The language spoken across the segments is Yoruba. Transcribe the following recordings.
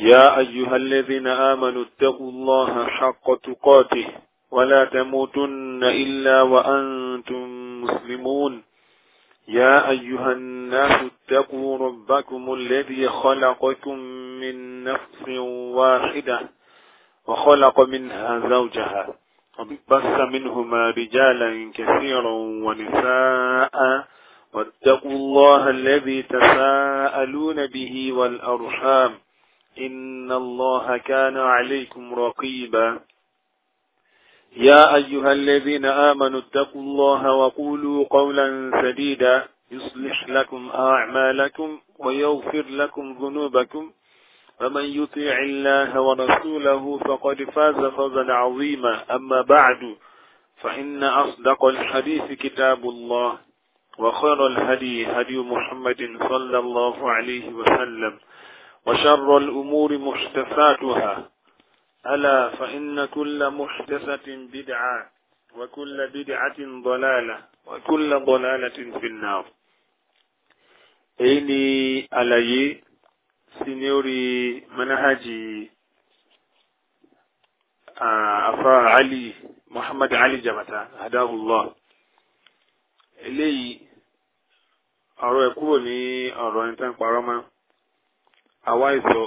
يا أيها الذين آمنوا اتقوا الله حق تقاته ولا تموتن إلا وأنتم مسلمون يا أيها الناس اتقوا ربكم الذي خلقكم من نفس واحدة وخلق منها زوجها وبس منهما رجالا كثيرا ونساء واتقوا الله الذي تساءلون به والأرحام إن الله كان عليكم رقيبا يا أيها الذين آمنوا اتقوا الله وقولوا قولا سديدا يصلح لكم أعمالكم ويغفر لكم ذنوبكم ومن يطيع الله ورسوله فقد فاز فوزا عظيما أما بعد فإن أصدق الحديث كتاب الله وخير الهدي هدي محمد صلى الله عليه وسلم وشر الأمور محدثاتها ألا فإن كل محدثة بدعة وكل بدعة ضلالة وكل ضلالة في النار إني علي سنيوري منهجي أفا علي محمد علي جمتا هداه الله إلي أرى يكون أرى أنت àwáìsọ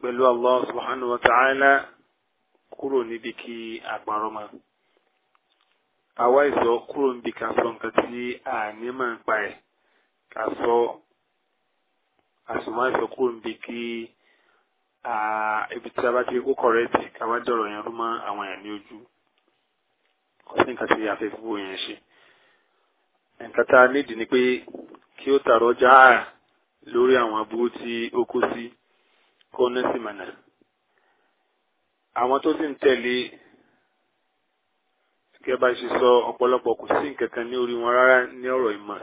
pẹ̀lú Allah subhanahu wa ta'ala kúrò níbi kí àgbàrọmọ àwáìsọ kúrò níbi ká sọ nǹkan tí àní máa ń pa ẹ̀ ká sọ àsùnmáìsọ kúrò níbi kí ibi tí a bá ti kó kọ̀rẹ́tì ká wá dọ̀rọ̀ yẹn rúmọ́ àwọn èèyàn ní ojú ọtí nǹkan tí a fẹ́ fún ṣe nǹkan tá a nídìí ni lórí àwọn aburú tí ó kó sí kọ́nà sí mànà àwọn tó sì ń tẹ̀lé gẹ́gẹ́ bá ṣe sọ ọ̀pọ̀lọpọ̀ kò sí nǹkan kan ní orí wọn rárá ní ọ̀rọ̀ ìmọ̀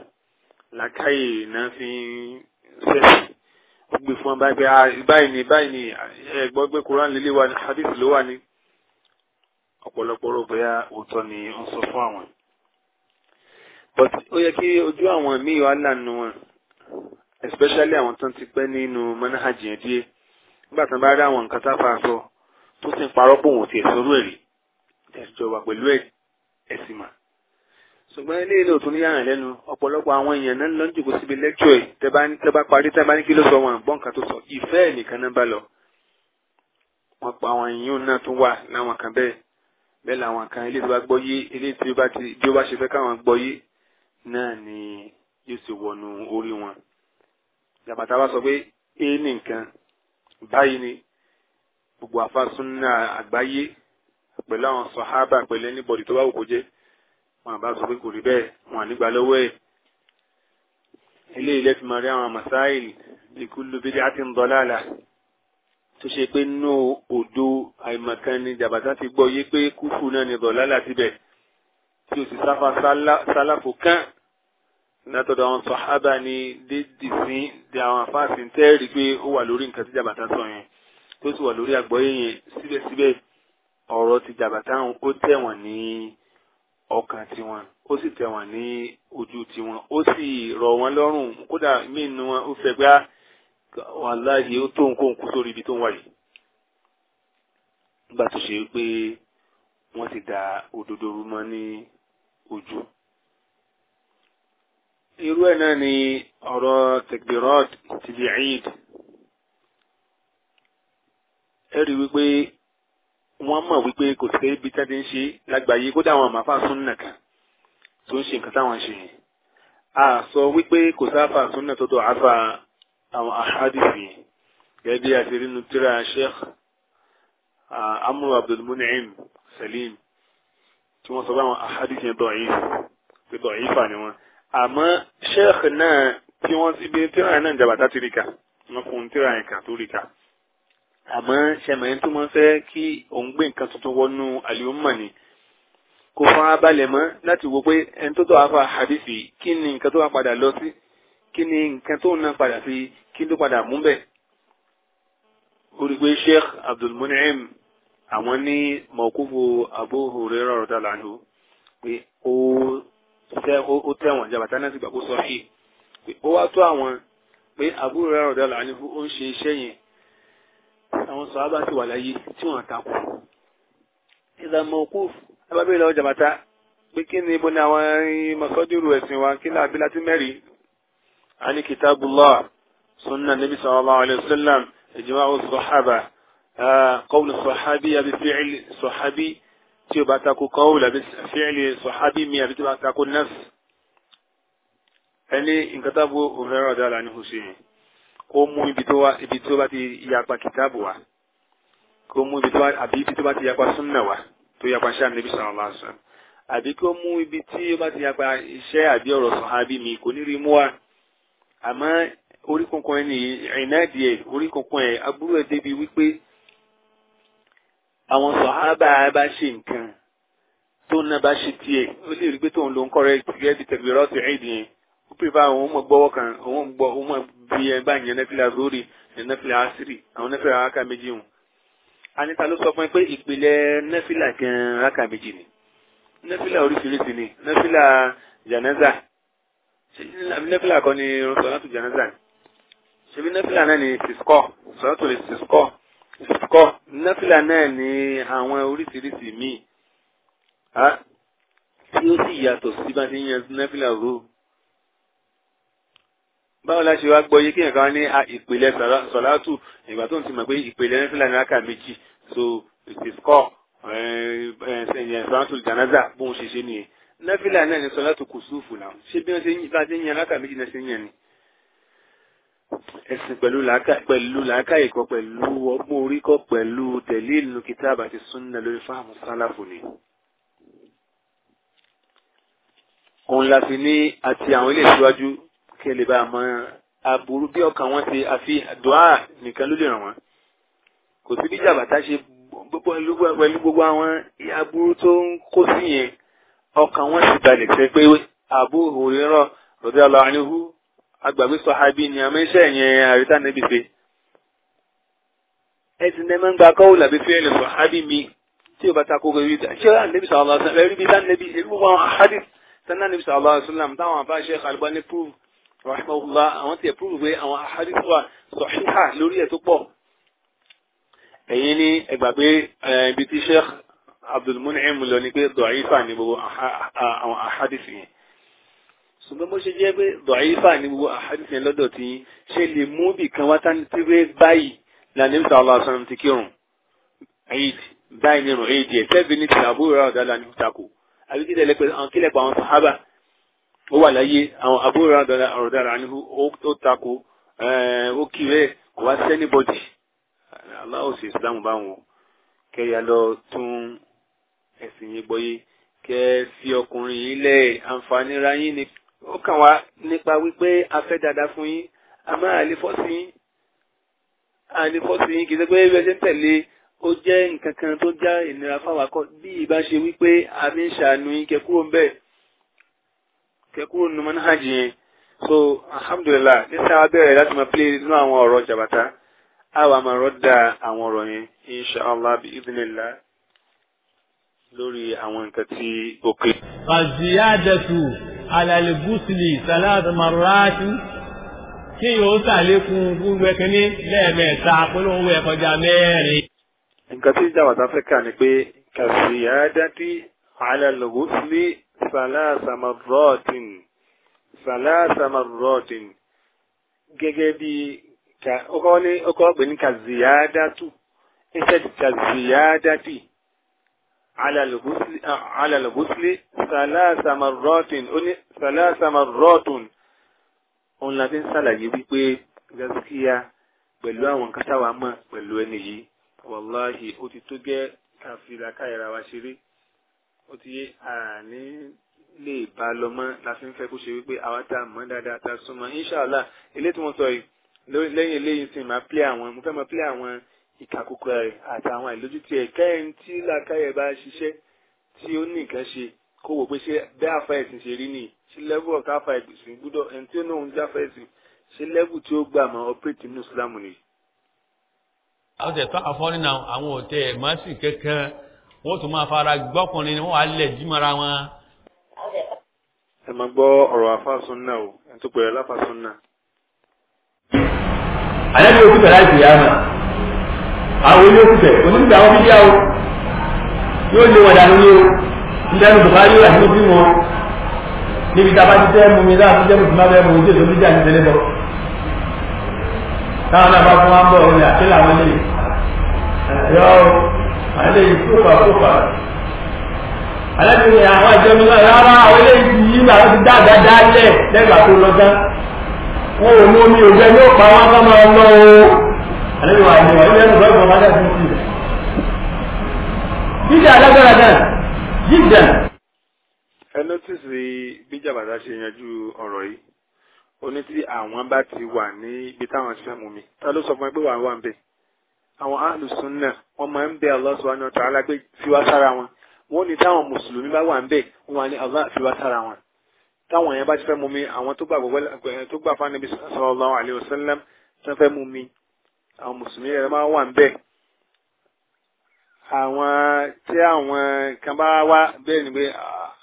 làákàyè náà fi ń fẹ̀sì ó gbé fún wọn báyìí báyìí báyìí ẹ̀gbọ́n gbé koran lílé wa ní hadith ló wà ní ọ̀pọ̀lọpọ̀ rò bóyá òótọ́ ni ó ń sọ fún àwọn. but ó yẹ kí ojú àwọn míì wá lànà wọn especially àwọn tó ń ti pẹ́ nínú mọ́náhàjì yẹn díẹ̀ nígbà tó ń bá rí àwọn nǹkan tá a fà sọ tó sì ń parọ́ pò wọ́n ti ẹ̀ sọ́rọ̀ èrè ẹ̀sùn wà pẹ̀lú ẹ̀ ẹ̀sìn mà. ṣùgbọ́n eléyìí ló tún ní yàrá lẹ́nu ọ̀pọ̀lọpọ̀ àwọn èèyàn náà ló ń jòkó síbi lẹ́kṣọ̀ ẹ̀ tẹ́ bá parí tẹ́ bá ní kí ló sọ wọn àgbọ̀n kan tó sọ ìfẹ́ nìkan náà bá lọ. wọ́n pa àwọn èèyàn náà tún wà láwọn kan bẹ́ẹ̀ bẹ́ẹ̀ làwọn kan eléyìí tó bá gbọ́ yé eléyìí tí ó bá ṣe fẹ́ káwọn gbọ́ yé náà ni yóò ṣe wọnú orí wọn gàbàtà wa sọ pé é ní nǹkan báyìí ni gbogbo àfàsúnà àgbáyé pẹ̀lú àwọn sọ̀hábà pẹ̀lú ẹnibọ̀dì tó bá wù kó jẹ́ wọn àbá sọ pé kò rí bẹ́ẹ̀ wọn ànígbà lọ́wọ́ ẹ̀ eléyìí lẹ́fì rí àwọn masáìlì ìkúlù bídí àti ńdọ́làlà tó ṣe pé nínú òdo àìmọ̀kan ni jàbàtà ti gbọ́ yé pé kúfù náà ni dọ̀làlà síbẹ̀ tí o sì sáfà sálàfò kán Nato látọ̀dọ̀ àwọn sọ̀hábà ni dédì sí di àwọn afáàsì tẹ́ẹ̀rí pé ó wà lórí nǹkan tí jàbàtà sọ yẹn tó sì wà lórí àgbọ́yé yẹn síbẹ̀síbẹ̀ ọ̀rọ̀ ti jàbàtà ó tẹ̀wọ̀n ní ọkàn tiwọn ó sì tẹ̀wọ̀n ní ojú tiwọn ó sì rọ̀ wọ́n lọ́rùn kódà míì nu wọn ó fẹ́ gbá ah, wàláhì ó tó nǹkó nǹkó sórí ibi tó ń wà nígbà tó ṣe pé wọ́n ti da òdodo rú mọ́ ní ojú irú ẹ̀ náà ni ọ̀rọ̀ tekbirot ti di eid ẹ rí wípé wọ́n mọ̀ wípé kò sí ibi tá ti ń ṣe lágbàáyé kódà àwọn àmàfà súnnà kan tó ń ṣe nǹkan táwọn ṣe yẹn a sọ wípé kò sáfà súnnà tó tó àfà àwọn àhádìsì yẹn gẹ́gẹ́ bí a ti tíra sheikh amúrò abdulmunim salim tí wọ́n sọ pé àwọn àhádìsì yẹn dọ̀yìn pé dọ̀yìn fà ni wọ́n àmọ́ sheikh náà tí wọ́n ti gbé tíra náà jàbàtà ti rí ka wọ́n fún tíra yẹn kà tó rí ka àmọ́ sẹ́mi tó máa ń fẹ́ kí òun gbé nǹkan tuntun wọnú àlùmọ́ ni kò fara balẹ̀ mọ́ láti wo pé ẹni tó tó wá fa hadisi kí ni nǹkan tó wá padà lọ sí kí ni nǹkan tó náà padà sí kí ló padà mú bẹ́ẹ̀. ó pé sheikh abdulmunim àwọn ní mọ̀kúfù abu hurairah rọ̀dà lánàá pé ó sẹ ó tẹ̀wọ̀n jabata náà sì gbà kó sọ fí ó wá tó àwọn pé àbúrò rẹ̀ ọ̀dọ́ là ní ó ń ṣe iṣẹ́ yẹn àwọn sọ̀hábà sì wà láyé tí wọ́n takò ìlànà òkú abábẹ́ ìlọ́wọ́ jabata pé kí ni ibo ni àwọn masọ́dúró ẹ̀sìn wa kí láàbí láti mẹ́rin a ní kitabullah sunna nabi sallallahu alayhi wa sallam ijma'u sọ̀hábà qawlu sọ̀hábì àbí fi'il sọ̀hábì tí o bá tako kọ́wùlù àbí fíẹ́lì sọ̀hábì mi àbí tí o bá tako nọ́ọ̀sì ẹni nǹkan tábù òfin ọ̀dà là ní oṣù yẹn kó mú ibi tó wá ibi tó bá ti yapa kìtáàbù wa kó mú ibi tó wá àbí ibi tó bá ti yapa súnà wa tó yapa ṣáà níbi sọ̀rọ̀ lásán àbí kó mú ibi tí ó bá ti yapa iṣẹ́ àbí ọ̀rọ̀ sọ̀hábì mi kò ní rí mú wa àmọ́ orí kankan ẹni ìrìnàdìẹ orí kankan ẹ aburú ẹ débi wípé àwọn sọ̀hábà bá ṣe nǹkan tó ń ná bá ṣe tiẹ̀ ó lè rí pé tóun ló ń kọ́rẹ́ gẹ́gẹ́ bí tẹ̀gbẹ̀rọ̀ ti ẹ̀dì yẹn ó pè bá àwọn ọmọ gbọ́wọ́ kan àwọn gbọ́ ọmọ bí ẹ bá yẹn nẹ́fìlà lórí ẹ̀ nẹ́fìlà àṣírí àwọn nẹ́fìlà àáká méjì hùn. anita ló sọ fún ẹ pé ìpìlẹ̀ nẹ́fìlà gan-an àáká méjì ni nẹ́fìlà oríṣiríṣi ni nẹ́fìlà jànáza nẹ́fìlà kan ni sọ̀rọ̀ tó jànáza ṣebí kọ́ náfìlà náà ní àwọn oríṣiríṣi míì tí ó sì yàtọ̀ sí bá ti ń yan náfìlà ró báwo la ṣe wá gbọ́ yé kí nǹkan ní ah, ìpìlẹ̀ sọ̀látù ìgbà tó ń ti mọ̀ pé ìpìlẹ̀ náfìlà ní rákà méjì so eh, eh, ìsìkọ́ eh, sọ̀látù jànáza bóun ṣe ṣe nìyẹn náfìlà náà ní sọ̀látù kùsùfù náà ṣé bí wọ́n ṣe ń yan rákà méjì náà ṣe ń yan ni ẹ̀sìn pẹ̀lú làákàyè kọ́ pẹ̀lú ọgbọ́n orí kọ́ pẹ̀lú tẹ̀lé ìlú kitab àti súnnà lórí fáàmù sálàfù ni. òun la fi ní àti àwọn ilé ìṣíwájú kí ẹ lè bá a mọ aburú bí ọkàn wọn ṣe àfi dùá nìkan ló lè ràn wọn. kò sí bí jàbàtà ṣe pẹ̀lú gbogbo àwọn aburú tó ń kó sí yẹn ọkàn wọn sì balẹ̀ fẹ́ pé Abu Hurairah radiyallahu anhu agbàgbé sọ̀hábí ni àmọ́ iṣẹ́ yẹn àríta níbi ṣe. ẹ ti nẹ́ máa ń gba kọ́wù làbí fẹ́ẹ́ lè sọ̀hábí mi tí o bá ta kókó rí ṣé ó ànẹ́bí sọ̀rọ̀ ọ̀sán rẹ̀ rí bí sànẹ́bí irú wọn hádì sànẹ́bí sọ̀rọ̀ ọ̀sán làm táwọn àbá ṣe Albani prove rahimahullah àwọn tiẹ̀ prove pé àwọn hádì wà sọ̀híhà lórí ẹ̀ tó pọ̀. ni ẹgbàgbé ibi tí Sheikh Abdul Mun'im lọ ni pé dọ̀ífà ni gbogbo àwọn àhádìsì yẹn ṣùgbọ́n bó ṣe jẹ́ pé dọ̀ífà ní gbogbo àhádìsẹ̀ lọ́dọ̀ tí ṣe lè mú bí kan wá tán tí wé báyìí lànà ìmùsà ọlọ́sàn ti kírun eid báyìí nírun eid ẹ̀ tẹ́bi ní ti àbúrò rà ọ̀dọ́là ní tako àbí kí pé àwọn kílẹ̀ pa àwọn sàhábà ó wà láyé àwọn àbúrò rà ọ̀dọ́là ní ó tako ó kí rẹ̀ kò wá sẹ́ni bọ́dì fi ọkùnrin yìí lẹ̀ àǹfààní ra yín ni ó kàn wá nípa wípé a fẹ́ dáadáa fún yín a máa lè fọ́sí yín a lè fọ́sí yín kì í ṣe pé bí ẹ ṣe ń tẹ̀lé ó jẹ́ nǹkan kan tó já ìnira fáwọn akọ bí ìbá ṣe wípé a fi ń ṣàánú yín kẹ kúrò ń bẹ̀ kẹ kúrò nínú manhaj yẹn so alhamdulillah nísà wa láti máa pílé nínú àwọn ọ̀rọ̀ jàbàtà a wà máa rọ́dà àwọn ọ̀rọ̀ yẹn inshallah bi idhnillah lórí àwọn nǹkan tí ó kéré. àzíyá dẹ̀tù alàlẹ́gúsìlì sàláàtì màrúwáàtì kí yóò sàlékún gbogbo ẹ̀kẹ́ ní lẹ́ẹ̀mẹ́ta pẹ̀lú owó ẹ̀kọjá mẹ́rin. nǹkan tí jàwàtà fẹ́ kà ni pé kàṣíyàádátì alàlẹ́gúsìlì sàláàtì màrúwáàtì sàláàtì màrúwáàtì gẹ́gẹ́ bí ọkọ̀ ọ̀gbìn kàṣíyàádátù instead kàṣíyàádátì. على sàlásàmàrọ́tún ثلاث ní sàlásàmàrọ́tún òun la fi ń ṣàlàyé wípé gaskiya pẹ̀lú àwọn nǹkan táwa mọ̀ pẹ̀lú ẹni yìí wàláhì ó ti tó gẹ́ káfíra káyẹ̀ra wa ṣeré ó ti yé àní lè bá lọ mọ́ la fi ń fẹ́ kó ṣe wípé àwa tá a mọ̀ dáadáa tá a súnmọ́ inṣàlá eléyìí tí wọ́n sọ yìí lẹ́yìn eléyìí sì máa pílẹ̀ àwọn mo fẹ́ máa ìkàkùkọ rẹ̀ àtàwọn àìlójútì ẹ̀ kẹ́hìn tí làákàyè bá ṣiṣẹ́ tí ó ní nǹkan ṣe kó wò pé ṣé bẹ́ẹ̀ àfa ẹ̀sìn ṣe rí nìyí ṣé lẹ́bù ọ̀tá àfa ẹ̀sìn gbúdọ̀ ẹni tí ó náà ń já àfa ẹ̀sìn ṣé lẹ́bù tí ó gbà mọ́ ọ̀pẹ́tì ní Islam nìyí. àwọn tẹ̀ tó àfọ́rí náà àwọn òtẹ́ ẹ̀ máa sì kankan wọ́n tún máa fara gbọ́kùnrin ni wọ́n á lẹ̀ jí mara wọn. ẹ máa gbọ́ ọ̀rọ̀ afásun náà o ẹni tó pẹ̀lú afásun náà. àlẹ́ mi ò kú àwọn ilé òkùtẹ̀ onígbà àwọn bíbí àwọn o, lé wọn dànù ní o nílẹ̀ ní bùkárì yóò àti bímọ níbi tá a bá ti tẹ́ mu mi láti jẹ́ mùsùlùmá bẹ́ẹ̀ mu ojú èso bíjà ní tẹ́lẹ̀ bọ̀ táwọn náà bá fún wa ń bọ̀ ọ̀rẹ́ àkẹ́lẹ̀ àwọn eléyìí yọ eléyìí kópa kópa alábìnrin àwọn ìjọ mi náà rárá àwọn eléyìí ti yí àwọn ti dáadáa dáálẹ̀ lẹ́gbàá tó lọ gán wọn ò mú omi òjò yóò pa wọn sọ́mọ o àlejò wa ìwà ìwà ìwà ìwà ìwà ìwà ìwà jíjà alágbára náà jíjà. ẹ nọ́tìsì bí jàbàtà ṣe yanjú ọ̀rọ̀ yìí ó ní tí àwọn bá ti wà ní ibi táwọn ti mú mi ta ló sọ fún mi pé wà wà ń bẹ̀ àwọn alùsùn náà wọ́n máa ń bẹ Allah subhanahu wa ta'ala pé fi wá sára wọn wọ́n ní táwọn mùsùlùmí bá wà ń bẹ̀ wọ́n wà ní Allah fi wá sára wọn táwọn yẹn bá ti fẹ́ mú mi àwọn tó gbà fún Ànábì sallallahu alaihi wasallam tó fẹ́ àwọn mùsùlùmí yẹn máa wà ń bẹ̀ àwọn tí àwọn kan bá wá bẹ́ẹ̀ ni pé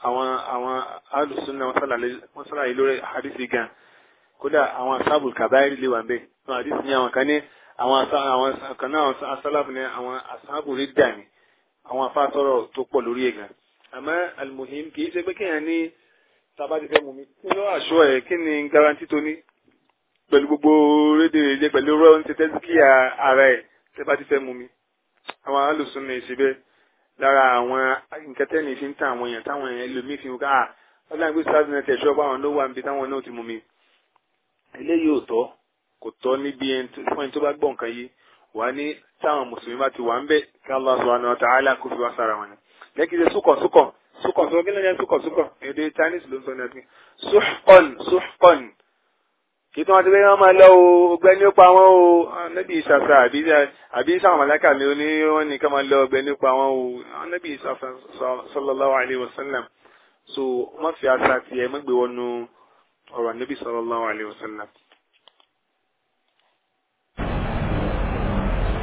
àwọn àwọn alùsùn náà wọ́n sàlàyé lórí àdìsí gan kódà àwọn asábùl kàbáyé lè wà ń bẹ̀ àwọn àdìsí ni àwọn kan ní àwọn àwọn kan náà asálàfù ni àwọn asábùl rí dà ní àwọn afásọ̀rọ̀ tó pọ̀ lórí ẹ̀ gan àmọ́ almuhim kì í ṣe pé kéèyàn ní tabadifẹ́ mú mi kí ló àṣọ ẹ̀ kí ni garanti tó ní pẹ̀lú gbogbo rédèrèdè pẹ̀lú rọ́ọ̀ ń ṣe tẹ́síkìá ara ẹ̀ tẹ́ bá ti fẹ́ mú mi àwọn alùsùn ní ìṣe bẹ́ẹ̀ lára àwọn nǹkan tẹ́ni fi ń tàn àwọn èèyàn táwọn èèyàn lómi fi ká ah, ọlọ́run pé sars net ẹ̀ṣọ́ pa àwọn ló wà níbi táwọn náà ti mú mi eléyìí ò tọ́ kò tọ́ níbi fún ẹni tó bá gbọ́ nǹkan yìí wà ní táwọn mùsùlùmí bá ti wà ń bẹ̀ kí Allah subhanahu wa ta'ala kó fi wá sára wọn ni lẹ́kìtì súkọ̀ súkọ̀ súkọ̀ kí ló ń yẹ súkọ̀ súkọ̀ èdè Chinese ló ń sọ ní ọdún súkọ̀n súkọ̀n kí tí wọ́n ti bẹ́ẹ̀ wọ́n máa lọ o ọgbẹ́ni ó pa wọ́n o anábì ìṣàṣà àbí sáwọn màláìka mi ò ní wọ́n ní máa lọ ọgbẹ́ni ó pa wọ́n o anábì ìṣàṣà sallallahu alaihi wasallam so wọ́n fi àṣà tiẹ̀ mọ́gbé wọnú ọ̀rọ̀ anábì sallallahu alaihi wasallam.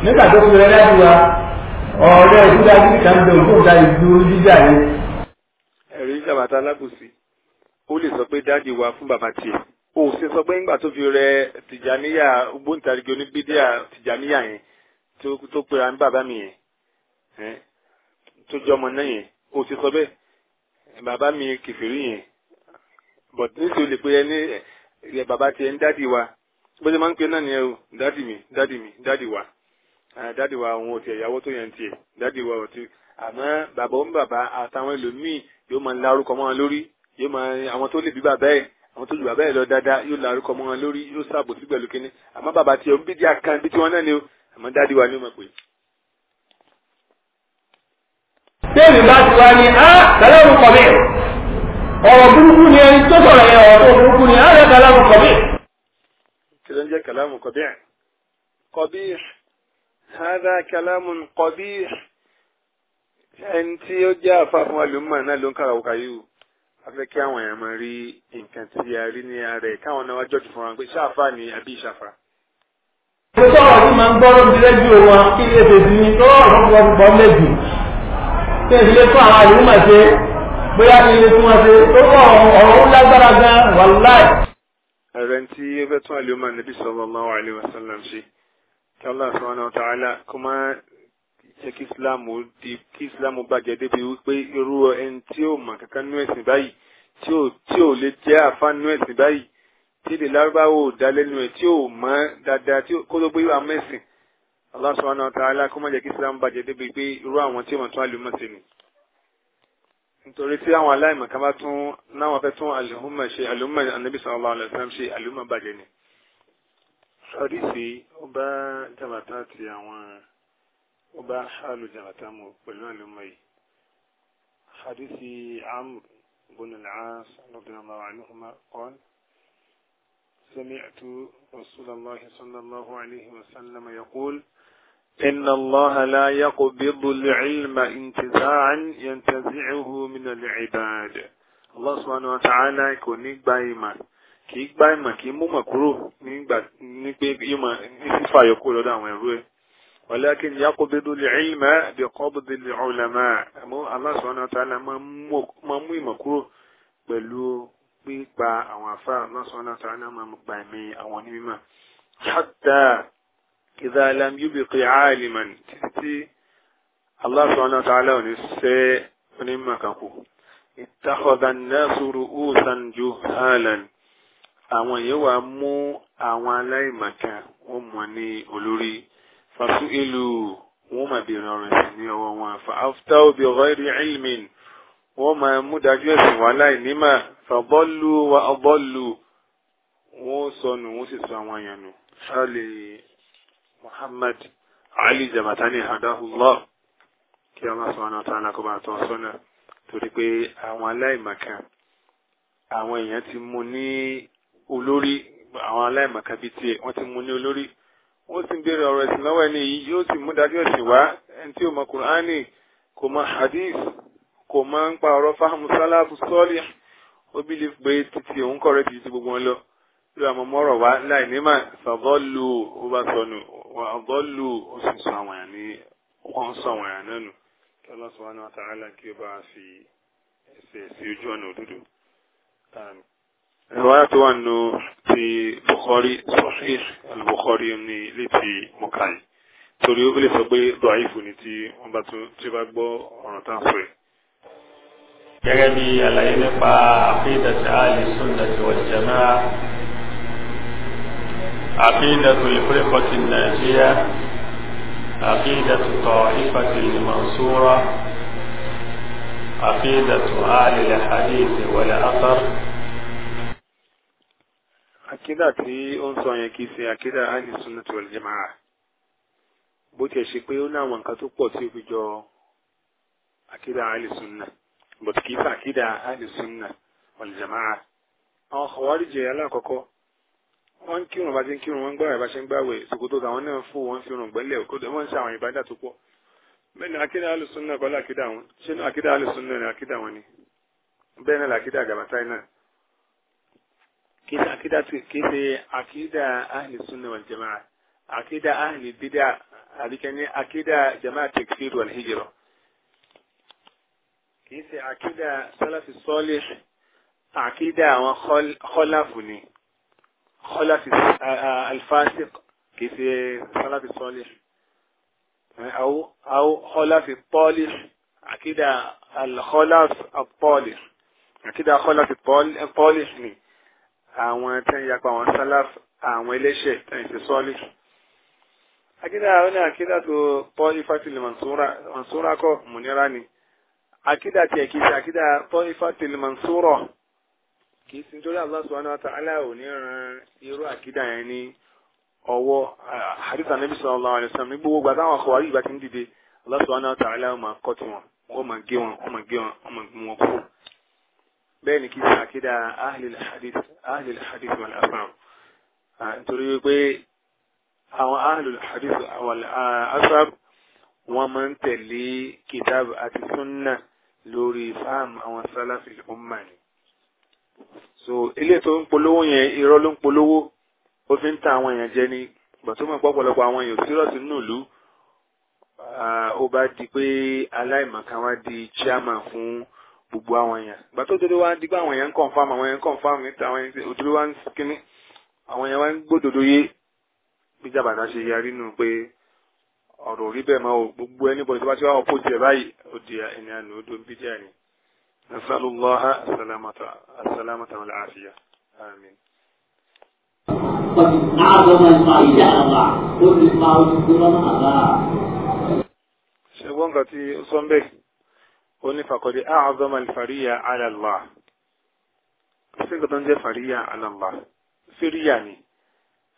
nígbà tó fi rẹ láti wa ọ̀rẹ́ ìdúrà yìí kan bẹ òkú ọ̀gá ìlú jíjà yìí. ẹ̀rí jàbàtà alábùsí ó lè sọ pé dáàdi wa fún bàbá tiẹ̀ o ṣe sọ pé ńgbà tó fi rẹ tìjàníyà ògbóǹtarìgì oníbídíà tìjàníyà yẹn tó tó pera ní bàbá mi yẹn tó jẹ́ ọmọ náà yẹn o ṣe sọ bẹ́ẹ̀ bàbá mi kìfìrí yẹn but níṣẹ́ o lè pe ẹni ẹ bàbá tiẹ̀ ń dádì wa bó ṣe máa ń pe náà nìyẹn o dádì mi dádì mi dádì wa dádì wa òun ò tiẹ̀ yàwó tó yẹn tiẹ̀ dádì wa ò tiẹ̀ àmọ́ bàbá ń bàbá àtàwọn ẹlòmíì yóò máa ń larúkọ mọ́ wọn lórí yóò máa àwọn tó lè bí bàbá ẹ̀ àwọn tó lù bàbá ẹ lọ dáadáa yóò larúkọ mọ wọn lórí yóò sábò sí pẹ̀lú kínní àmọ́ bàbá tiẹ̀ ń bídí àkàn bí tiwọn náà ni o àmọ́ dáàdi wa ni ó mọ̀ pé. téèmì bá ti wá ní á kàlámù kọ̀mí ọ̀rọ̀ burúkú ni ẹni tó sọ̀rọ̀ yẹn ọ̀rọ̀ burúkú ni á rẹ kàlámù kọ̀mí. kí ló ń jẹ́ kàlámù kọ̀bí kọ̀bí hádà kàlámù kọ̀bí ẹni tí ó jẹ́ àfáfún alùmọ̀ náà ló ń kàràwọ̀ kàyé o a fẹ́ kí àwọn èèyàn máa rí nǹkan tí a rí ní ara ẹ̀ káwọn náà wá jọ́jú fún wa pé ṣáfà ni àbí ìṣàfà. mo sọ̀rọ̀ tí màá ń gbọ́ lóbi rẹ́díò wọn kí ilé fèsì ní lọ́rọ̀ fún wọn gbọ́ méjì kí ìdílé fún àwọn àyè mà ṣe bóyá kí ilé tí wọ́n ṣe tó kọ̀ ọ̀rọ̀ lágbára gan wàláì. ẹ̀rẹ̀ tí ó fẹ́ tún àlè ọmọ nàbí sallallahu alaihi wasallam ṣe kí jẹ́ kí islam di kí islam bàjẹ́ débi wípé irú ẹni tí ò mọ̀ kankan nú ẹ̀sìn báyìí tí ò tí ò lè jẹ́ àfa nú ẹ̀sìn báyìí tí ilẹ̀ lárúbáwò dá lẹ́nu ẹ̀ tí ò mọ̀ dáadáa tí kó ló gbé wà mẹ́sìn Allah subhanahu wa ta'ala kó má jẹ́ kí islam bàjẹ́ débi pé irú àwọn tí wọ́n tún àlùmọ̀ sí ni. nítorí tí àwọn aláìmọ̀ kan bá tún náwọn fẹ́ tún àlùmọ̀ ṣe àlùmọ̀ anabi sallallahu alaihi wasallam ṣe àlùmọ̀ bàjẹ́ ni. sọ́ọ́dì وبا حال jàkàtàmù pẹ̀lú لمي hadithi عمر بن العاص رضي الله عنهما قال سمعت رسول الله صلى الله عليه وسلم يقول إن الله لا يقبض العلم انتزاعا ينتزعه من العباد الله سبحانه وتعالى يكون بايما kì í gbá ìmọ̀ kì í mú mọ̀ kúrò nígbà ní ولكن يقبض العلم بقبض العلماء الله سبحانه وتعالى ما mú ìmọ̀ kúrò pẹ̀lú pípa àwọn àfà الله سبحانه وتعالى ما mú pa ẹ̀mí حتى إذا لم يبق عالما títí الله سبحانه وتعالى ò ní sẹ́ اتخذ الناس رؤوسا جهالا àwọn yìí wàá mú àwọn aláìmọ̀kan wọ́n fasu ilu wọ́n máa bèèrè ọ̀rọ̀ ẹ̀sìn ní ọwọ́ wọn fa afta obi ọ̀gáìrì ilmin wọ́n máa mú dájú ẹ̀sìn wá láì nímà fàbọ́lù wa ọbọ́lù wọ́n sọnù wọ́n sì sọ àwọn èèyàn nù ṣáàlì muhammad ali jabatani hadahullah kí a máa sọ ọ́nà tó alákọ̀ọ́bà tó sọ́nà torí pé àwọn aláìmọ̀kan àwọn èèyàn ti mú ní olórí àwọn aláìmọ̀kan bíi tiẹ̀ wọ́n ti mú ní olórí wọ́n sì ń béèrè ọ̀rọ̀ ẹ̀sìn lọ́wọ́ ẹni yìí yóò sì mú dájú ẹ̀sìn wá ẹni tí ó mọ kùránì kò mọ hadith kò mọ ń pa ọ̀rọ̀ fáhùn lè gbé títí òun ti gbogbo wọn lọ ló àmọ́ mọ́rọ̀ wá láì ní mà ó bá sọnù ó sì sọ àwọn wọ́n sọ àwọn رواياته أنه في بخاري صحيح البخاري من لتي مكاي توري يغلي سبي ضعيف نتي وباتو تباك بو ونطان سوي يغني الأئمة عقيدة أهل السنة والجماعة عقيدة الفرقة الناجية عقيدة طائفة المنصورة عقيدة أهل الحديث والأثر àkídà tí ó ń sọ yẹn kì í ṣe àkídà ahli sunnati wal jamaa bó tiẹ̀ ṣe pé ó ní àwọn nǹkan tó pọ̀ tí ó fi jọ àkídà ahli sunna but kì í ṣe àkídà ahli sunna wal jamaa àwọn khawarij alákọ̀ọ́kọ́ wọ́n ń kírun bá ti ń kírun wọ́n ń gbàwẹ̀ bá ṣe ń gbàwẹ̀ ṣòkòtò àwọn náà fò wọ́n fi rùn gbẹ́lẹ̀ òkúta wọ́n ń ṣe àwọn ìbádà tó pọ̀ bẹ́ẹ̀ akídà ahli sunna kọ́lá akídà wọn ṣé akídà ahli sunna ni akídà wọn ni bẹ́ẹ̀ ni làkídà àgàbàtà náà كيف عقيدة كيف عقيدة أهل السنة والجماعة عقيدة أهل البدع هذه كان عقيدة جماعة التكفير والهجرة كيف عقيدة سلف الصالح عقيدة وخل خلفني خلف الفاسق كيف سلف الصالح أو أو خلف الطالح عقيدة الخلف الطالح عقيدة خلف الطالح àwọn tẹ́ ń yapa àwọn sálàf àwọn ẹlẹ́ṣẹ̀ tẹ́ ń ṣe sọ́ọ̀lì. akídà àwọn ní akídà tó tọ́ ifatili mansura kọ́ múnira ni akídà tiẹ̀ kì í ṣe akídà tọ́ ifatili mansura kì í ṣe nítorí Allah subhanahu wa ta'ala ò ní ran irú akídà yẹn ní ọwọ́ hadith anabi sallallahu alayhi wa sallam ní gbogbo gbàtà àwọn àkọwárí ìgbà tí ń dìde Allah subhanahu wa ta'ala máa kọ́ tiwọn wọ́n máa gé wọn wọ́n máa gé wọn wọ́n máa gbé wọn kúrò bẹ́ẹ̀ ni kì í ṣàkídà ahlil hadith ahlil hadith wal afam nítorí wípé àwọn ahlil hadith wal afam wọ́n máa ń tẹ̀lé kitab àti sunna lórí fáàm àwọn sálàfì umma ni so ilé tó ń polówó yẹn irọ́ ló ń polówó ó fi ń ta àwọn èèyàn jẹ ni gbọ̀túmọ̀ pọ̀pọ̀lọpọ̀ àwọn èèyàn sírọ̀sì nínú ìlú ó bá di pé aláìmọ̀kan wá di chairman fún gbogbo awon ya gbàtó dodo wa di pé àwọn yẹn ń confam àwọn yẹn ń confam níta awon yẹn ń wa ń kíní àwọn yẹn wa ń gbódodo yé gbogbo anybody ti wá ọ̀pọ̀ jẹ báyìí ó di ẹni àná o dún bídíà ni nasalullaha asalamata asalamata wal afiya amin. ó ní fàkọ́dé àádọ́mà ìfàríyà ala Allah sí gbọ́dọ̀ jẹ́ fàríyà ala Allah síríyà ni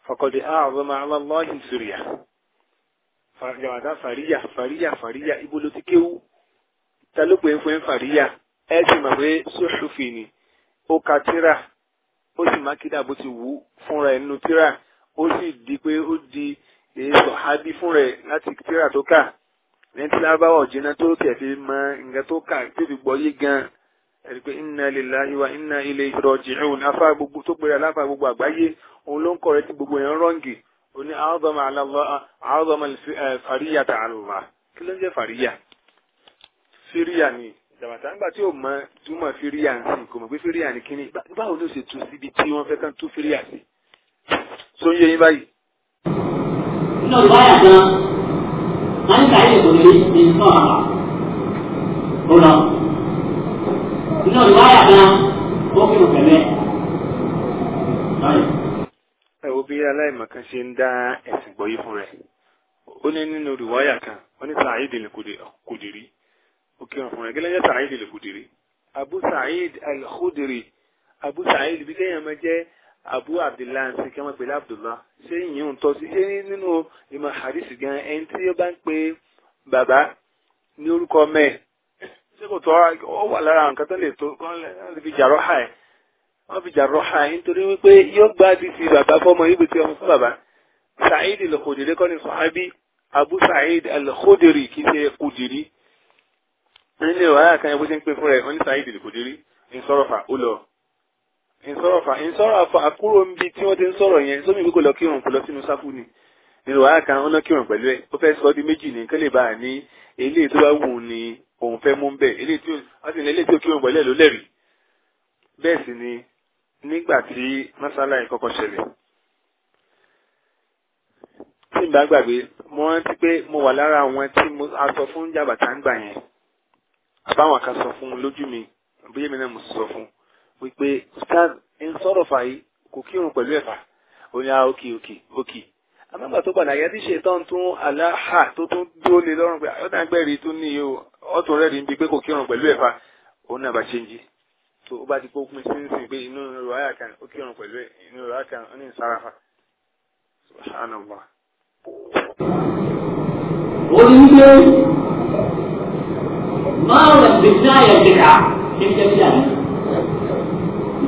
fàkọ́dé àádọ́mà ala Allah síríyà jàmàtà fàríyà fàríyà fàríyà ibo ló ti kéwú ta ló pè é fún fàríyà ẹ sì mọ̀ pé sóṣùfì ni ó ka tíra ó sì má kídà bó ti wù fúnra ẹ̀ tíra ó sì di pé ó di èso hábí fúnra ẹ̀ láti tíra tó kà. na tí lárúbáwá òjìnà tó tẹ̀ fi mọ nǹkan tó kà tó fi gbọ́ erigbo gan ẹni pé inna lillahi wa inna ilayhi raji'un afá gbogbo tó pèrè aláfà gbogbo àgbáyé òun ló ń kọ̀ gbogbo yẹn rọ́ǹgì ó ni a'zama ala Allah a'zama fariyata ala kí ló ń jẹ́ fàríyà fíríyà ni jàbàtà nígbà tí o mọ túmọ̀ fíríà ń sìn kò mọ̀ pé fíríà ní kínní báwo ló ṣe tu síbi tí wọ́n fẹ́ kán tú fíríà máa ń ka ẹ̀ kò lè ní nǹkan àmà ó lọ. inú ìwà àyà náà ó kí wọn pẹ̀lẹ́. ẹ wo bí aláìmọ̀kan ṣe ń dá ẹ̀sìn gbọ́ yìí fún rẹ̀ ó ní nínú ìwáyà kan wọ́n ní Sa'id al-Khudri ó kí fún rẹ̀ gẹ́lẹ́ jẹ́ Sa'id al-Khudri Abu Sa'id al-Khudri Abu Sa'id bí kéèyàn máa jẹ́ abu abdullah ṣe kí wọn pèlè abdullah ṣé ìyẹn ń tọ́ sí ṣé nínú ìmọ̀ hadith gan ẹni tí ó bá ń pe bàbá ní orúkọ mẹ́ẹ̀ ṣé kò tọ́ ọ wà lára nǹkan tó lè tó kán lè fi jàrọ́ ha ẹ̀ wọ́n fi jàrọ́ ha ẹ̀ nítorí wípé yóò gba àdìsí bàbá fọmọ ibi tí ọmọ fún bàbá sa'id al-khudiri kọ́ni sọ̀hábí abu sa'id al-khudiri kì í ṣe kudiri nínú ìwà àkànyẹ́ bó ṣe ń pè fún rẹ̀ wọ́n ní sa'id al-khudiri ń sọ̀rọ̀ fà ó lọ ìsọ̀rọ̀fà ìsọ̀rọ̀fà àkúrò ń bi tí wọ́n ti ń sọ̀rọ̀ yẹn sómi gbogbo lọ kírun kò lọ sínú sáfù ni nínú wàhálà kan ó ná kírun pẹ̀lú ẹ̀ ó fẹ́ sọ di méjì ní kẹ́lẹ́ bá a ní eléyìí tó bá wù ú ni òun fẹ́ mú bẹ́ẹ̀ eléyìí tí ó sì ní eléyìí tí ó kírun pẹ̀lú ẹ̀ ló lẹ́rìí bẹ́ẹ̀ sì ni nígbà tí masala yìí kọ́kọ́ ṣẹlẹ̀ tí n bá gbàgbé mo rántí pé mo wà lára àwọn tí mo sọ fún jàbàtà ń gbà yẹn àbáwọn kan sọ fún lójú mi àbúyẹ́mi náà mo sọ fún un wípé ustaz ń sọ̀rọ̀ fàyè kò kírun pẹ̀lú ẹ̀fà ó ní a òkè òkè òkè amágbà tó padà yẹn ti ṣe tán tún aláhà tó tún dúró lé lọ́rùn pé ọ̀dà ah, gbẹ̀rì tún ní iye ọ̀tún rẹ̀ rí bí pé kò kírun pẹ̀lú ẹ̀fà òun náà bá ṣe ń jí tó bá ti kó pin sínsìn pé inú ìrọ̀ ayà kan ó kírun pẹ̀lú inú ìrọ̀ ayà kan ó ní ìsárafa subhanallah. ní wípé máa rẹ̀ gbèsè àyẹ̀ ṣe ń tẹ́lẹ̀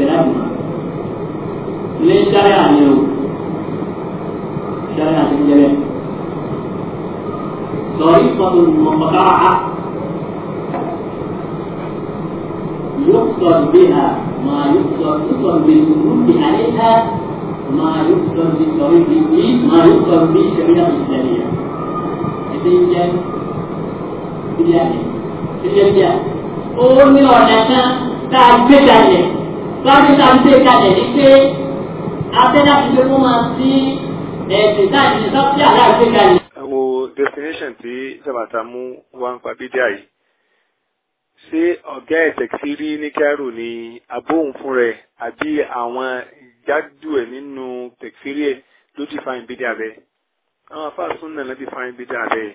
bẹ̀rẹ̀ ilé sáré àmì o sáré àti jẹrẹ lọ́rí fọ́tò mọ̀mọ́ká a yóò sọ bí a máa yóò sọ yóò sọ bí kúrú bí alẹ́ ta máa yóò sọ bí sọrí bí bí máa yóò sọ bí sẹ́mi náà ti sẹ́mi yẹn ẹ̀sìn jẹ́ bíbí àná bíbí àná ó ní ọ̀nà kan tá a gbé kalẹ̀. wọ́n ti ta gbé kalẹ̀ ní pé abẹ́dá ti gbé fún máa sí ẹ̀sìn táyì ní sọ́kì aláàgbé kalẹ̀. àwọn destination tí sábàtà mú wá ń pa bídíà yìí ṣé ọ̀gá ẹ̀tẹ̀kì rí ní Cairo ní abóhùn fún rẹ̀ àbí àwọn jádù ẹ̀ nínú tẹ̀kìrì ẹ̀ ló ti fa ìbídí abẹ́ àwọn afáàsùn náà ló ti fa ìbídí abẹ́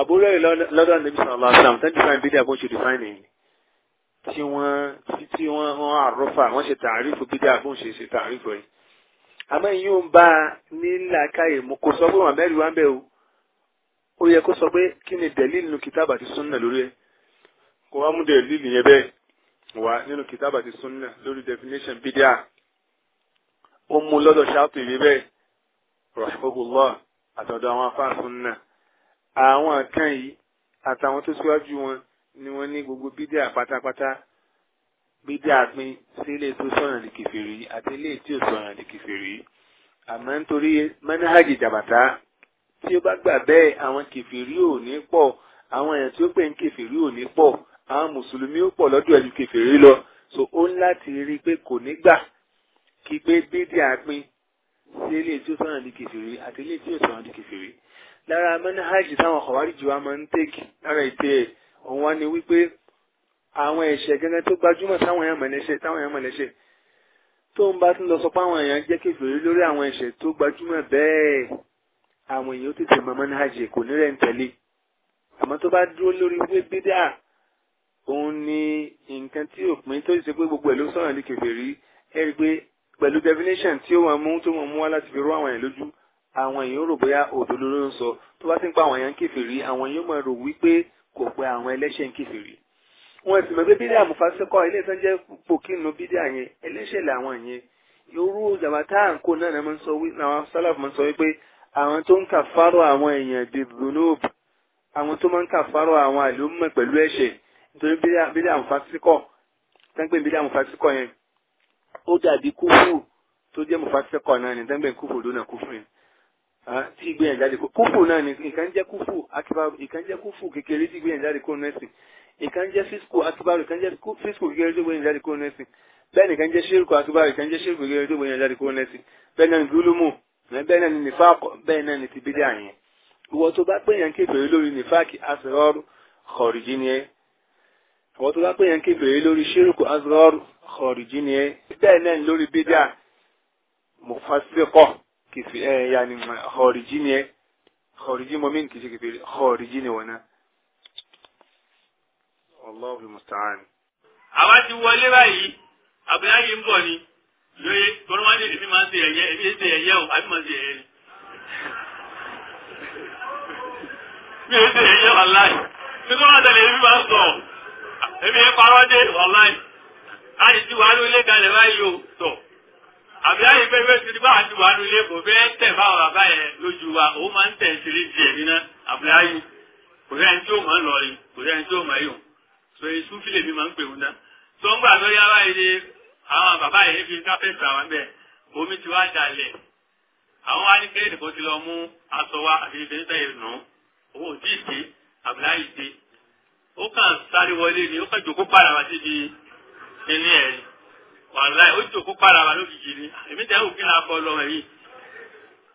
àbúrò ẹ̀ lọ́dọ̀ níbi sọ̀rọ̀ lọ́sàn fa ìbídí abọ́ ṣe define nìyí tí wọ́n tí wọ́n wọ́n àrọ́fà wọ́n ṣe tààrífù bídí àbóhùn ṣe ṣe tààrífù rẹ̀ àmọ́ ìyóò ń bá a ní làákàyè mo kò sọ pé wọn mẹ́rin wá ń bẹ̀ o ó yẹ kó sọ pé kí ni dẹ̀líl nínú kìtàbà ti súnnà lórí ẹ̀ kó wá mú dẹ̀líl yẹn bẹ́ẹ̀ wá nínú kìtàbà ti súnnà lórí definition bídíà ó mú lọ́dọ̀ ṣáàtì rí bẹ́ẹ̀ rahimahullah àtọ̀dọ̀ àwọn afáàsúnnà àwọn kan yìí àtàwọn tó síwájú wọn ni wọ́n ní gbogbo bídíà pátápátá bídíà pín sí ilé tó sọ̀nà di kèfèrí àti ilé tí ò sọ̀nà di kèfèrí àmọ́ nítorí mẹ́náhàjì jàbàtà tí ó bá gbà bẹ́ẹ̀ àwọn kèfèrí ò ní pọ̀ àwọn èèyàn tí ó pè ń kèfèrí ò ní pọ̀ àwọn mùsùlùmí ó pọ̀ lọ́dọ̀ ẹ̀lú kèfèrí lọ so ó ń láti rí i pé kò ní gbà kí pé bídíà pín sí ilé tí ó sọ̀nà di kèfèrí àti ilé tí ò sọ̀nà di kèfèrí lára mẹ́náhàjì táwọn kọ̀wárìjì òun wá ní wípé àwọn ẹ̀ṣẹ̀ gẹ́gẹ́ tó gbajúmọ̀ táwọn èèyàn mọ̀lẹ́ṣẹ̀ táwọn èèyàn mọ̀lẹ́ṣẹ̀ tó ń bá tún lọ sọ pé àwọn èèyàn jẹ́ kékeré lórí àwọn ẹ̀ṣẹ̀ tó gbajúmọ̀ bẹ́ẹ̀ àwọn èèyàn ó tètè mọ̀mọ́ ní hajj kò ní rẹ̀ ń tẹ̀lé àmọ́ tó bá dúró lórí wípé bídà òun ni nǹkan tí òpin tó ṣe pé gbogbo ẹ̀ ló sọ̀rọ̀ ní kékeré ẹ rí i pé pẹ̀lú definition tí ó wọn mú tó wọn mú wá láti fi rú àwọn èèyàn lójú àwọn èèyàn rò bóyá òdodo ló ń sọ tó bá ti ń pa àwọn èèyàn kékeré àwọn èèyàn máa rò wípé kò pé àwọn ẹlẹ́ṣẹ̀ ń kèfèrí wọn sì mọ̀ pé bídíà àmúfàṣẹ́kọ̀ ilé ìtàn jẹ́ pòkínú bídíà yẹn ẹlẹ́ṣẹ̀ làwọn yẹn irú jàmátà àǹkó náà ni àwọn sálàf máa ń sọ wípé àwọn tó ń kàfárọ̀ àwọn èèyàn bíi zunub àwọn tó máa ń kàfárọ̀ àwọn àlùmọ̀ pẹ̀lú ẹ̀ṣẹ̀ nítorí bídíà àmúfàṣẹ́kọ̀ tẹ́ńpẹ́ bídíà àmúfàṣẹ́kọ̀ yẹn ó dàbí kúfù tó Ah, tí gbìyànjú jáde kó kúfù náà ni ìkan jẹ́ kúfù akibaru ìkan jẹ́ kúfù kékeré tí gbìyànjú jáde kó nẹ́sìn ìkan jẹ́ fíṣkù akibaru ìkan jẹ́ fíṣkù kékeré tó gbìyànjú jáde kó nẹ́sìn bẹ́ẹ̀ ni ìkan jẹ́ ṣírkù akibaru ìkan jẹ́ ṣírkù kékeré tó gbìyànjú jáde kó nẹ́sìn bẹ́ẹ̀ náà ni gúlùmù eh, bẹ́ẹ̀ náà ni nìfàkọ bẹ́ẹ̀ náà ni ti bídẹ́ àyẹn ìwọ tó bá pè yàn kéfèrè lórí nìfàkì asrọ́rù kọ̀rìjì ni ẹ́ ìwọ tó bá pè yàn kéfèrè lórí ṣírkù asrọ́rù kọ̀rìjì ni ẹ́ bẹ́ẹ̀ náà ni lórí bídẹ́ kifiri eh, yani khariji ne khariji mumin kishi kifiri khariji ne wana Allahu musta'an àwa ti wọlé báyìí àbúyá yìí ń bọ̀ ni lóye tọ́lọ́ máa ń dèdè mi máa ń ṣe ẹ̀yẹ ẹ̀mí ń ṣe ẹ̀yẹ o àbí máa ń ṣe ni. mi ò ṣe ẹ̀yẹ wàláì nígbà wọn tẹ̀lé ẹ̀mí máa ń sọ̀ ẹ̀mí ẹ̀ parọ́ dé wàláì láti ti wàá lórí ilé ìdálẹ̀ báyìí o tọ̀ àbí láyé pé bẹ́ẹ̀ ti di báwa ti wà nínú ilé kò fẹ́ tẹ̀ báwa bàbá yẹn lójú wa òun máa ń tẹ̀ sílé díẹ̀ nínú àbúláyé kò sẹ́ni tí ó mọ̀ ń lọ rí kò sẹ́ni tí ó mọ̀ yòó sọ èso fílẹ̀ mi máa ń pè wọn náà tó ń gbà lórí ara yìí ni àwọn bàbá yìí fi kápẹ́ǹtì àwọn bẹ́ẹ̀ omi ti wá dalẹ̀ àwọn wá ní kéèdè kó ti lọ mú aṣọ wa àti ìfẹ́ńtà yìí nù ó kàn wàhálà ó jòkó padà wà lójijì ni èmi tẹ́ òfin là bọ́ lọ́wọ́ yìí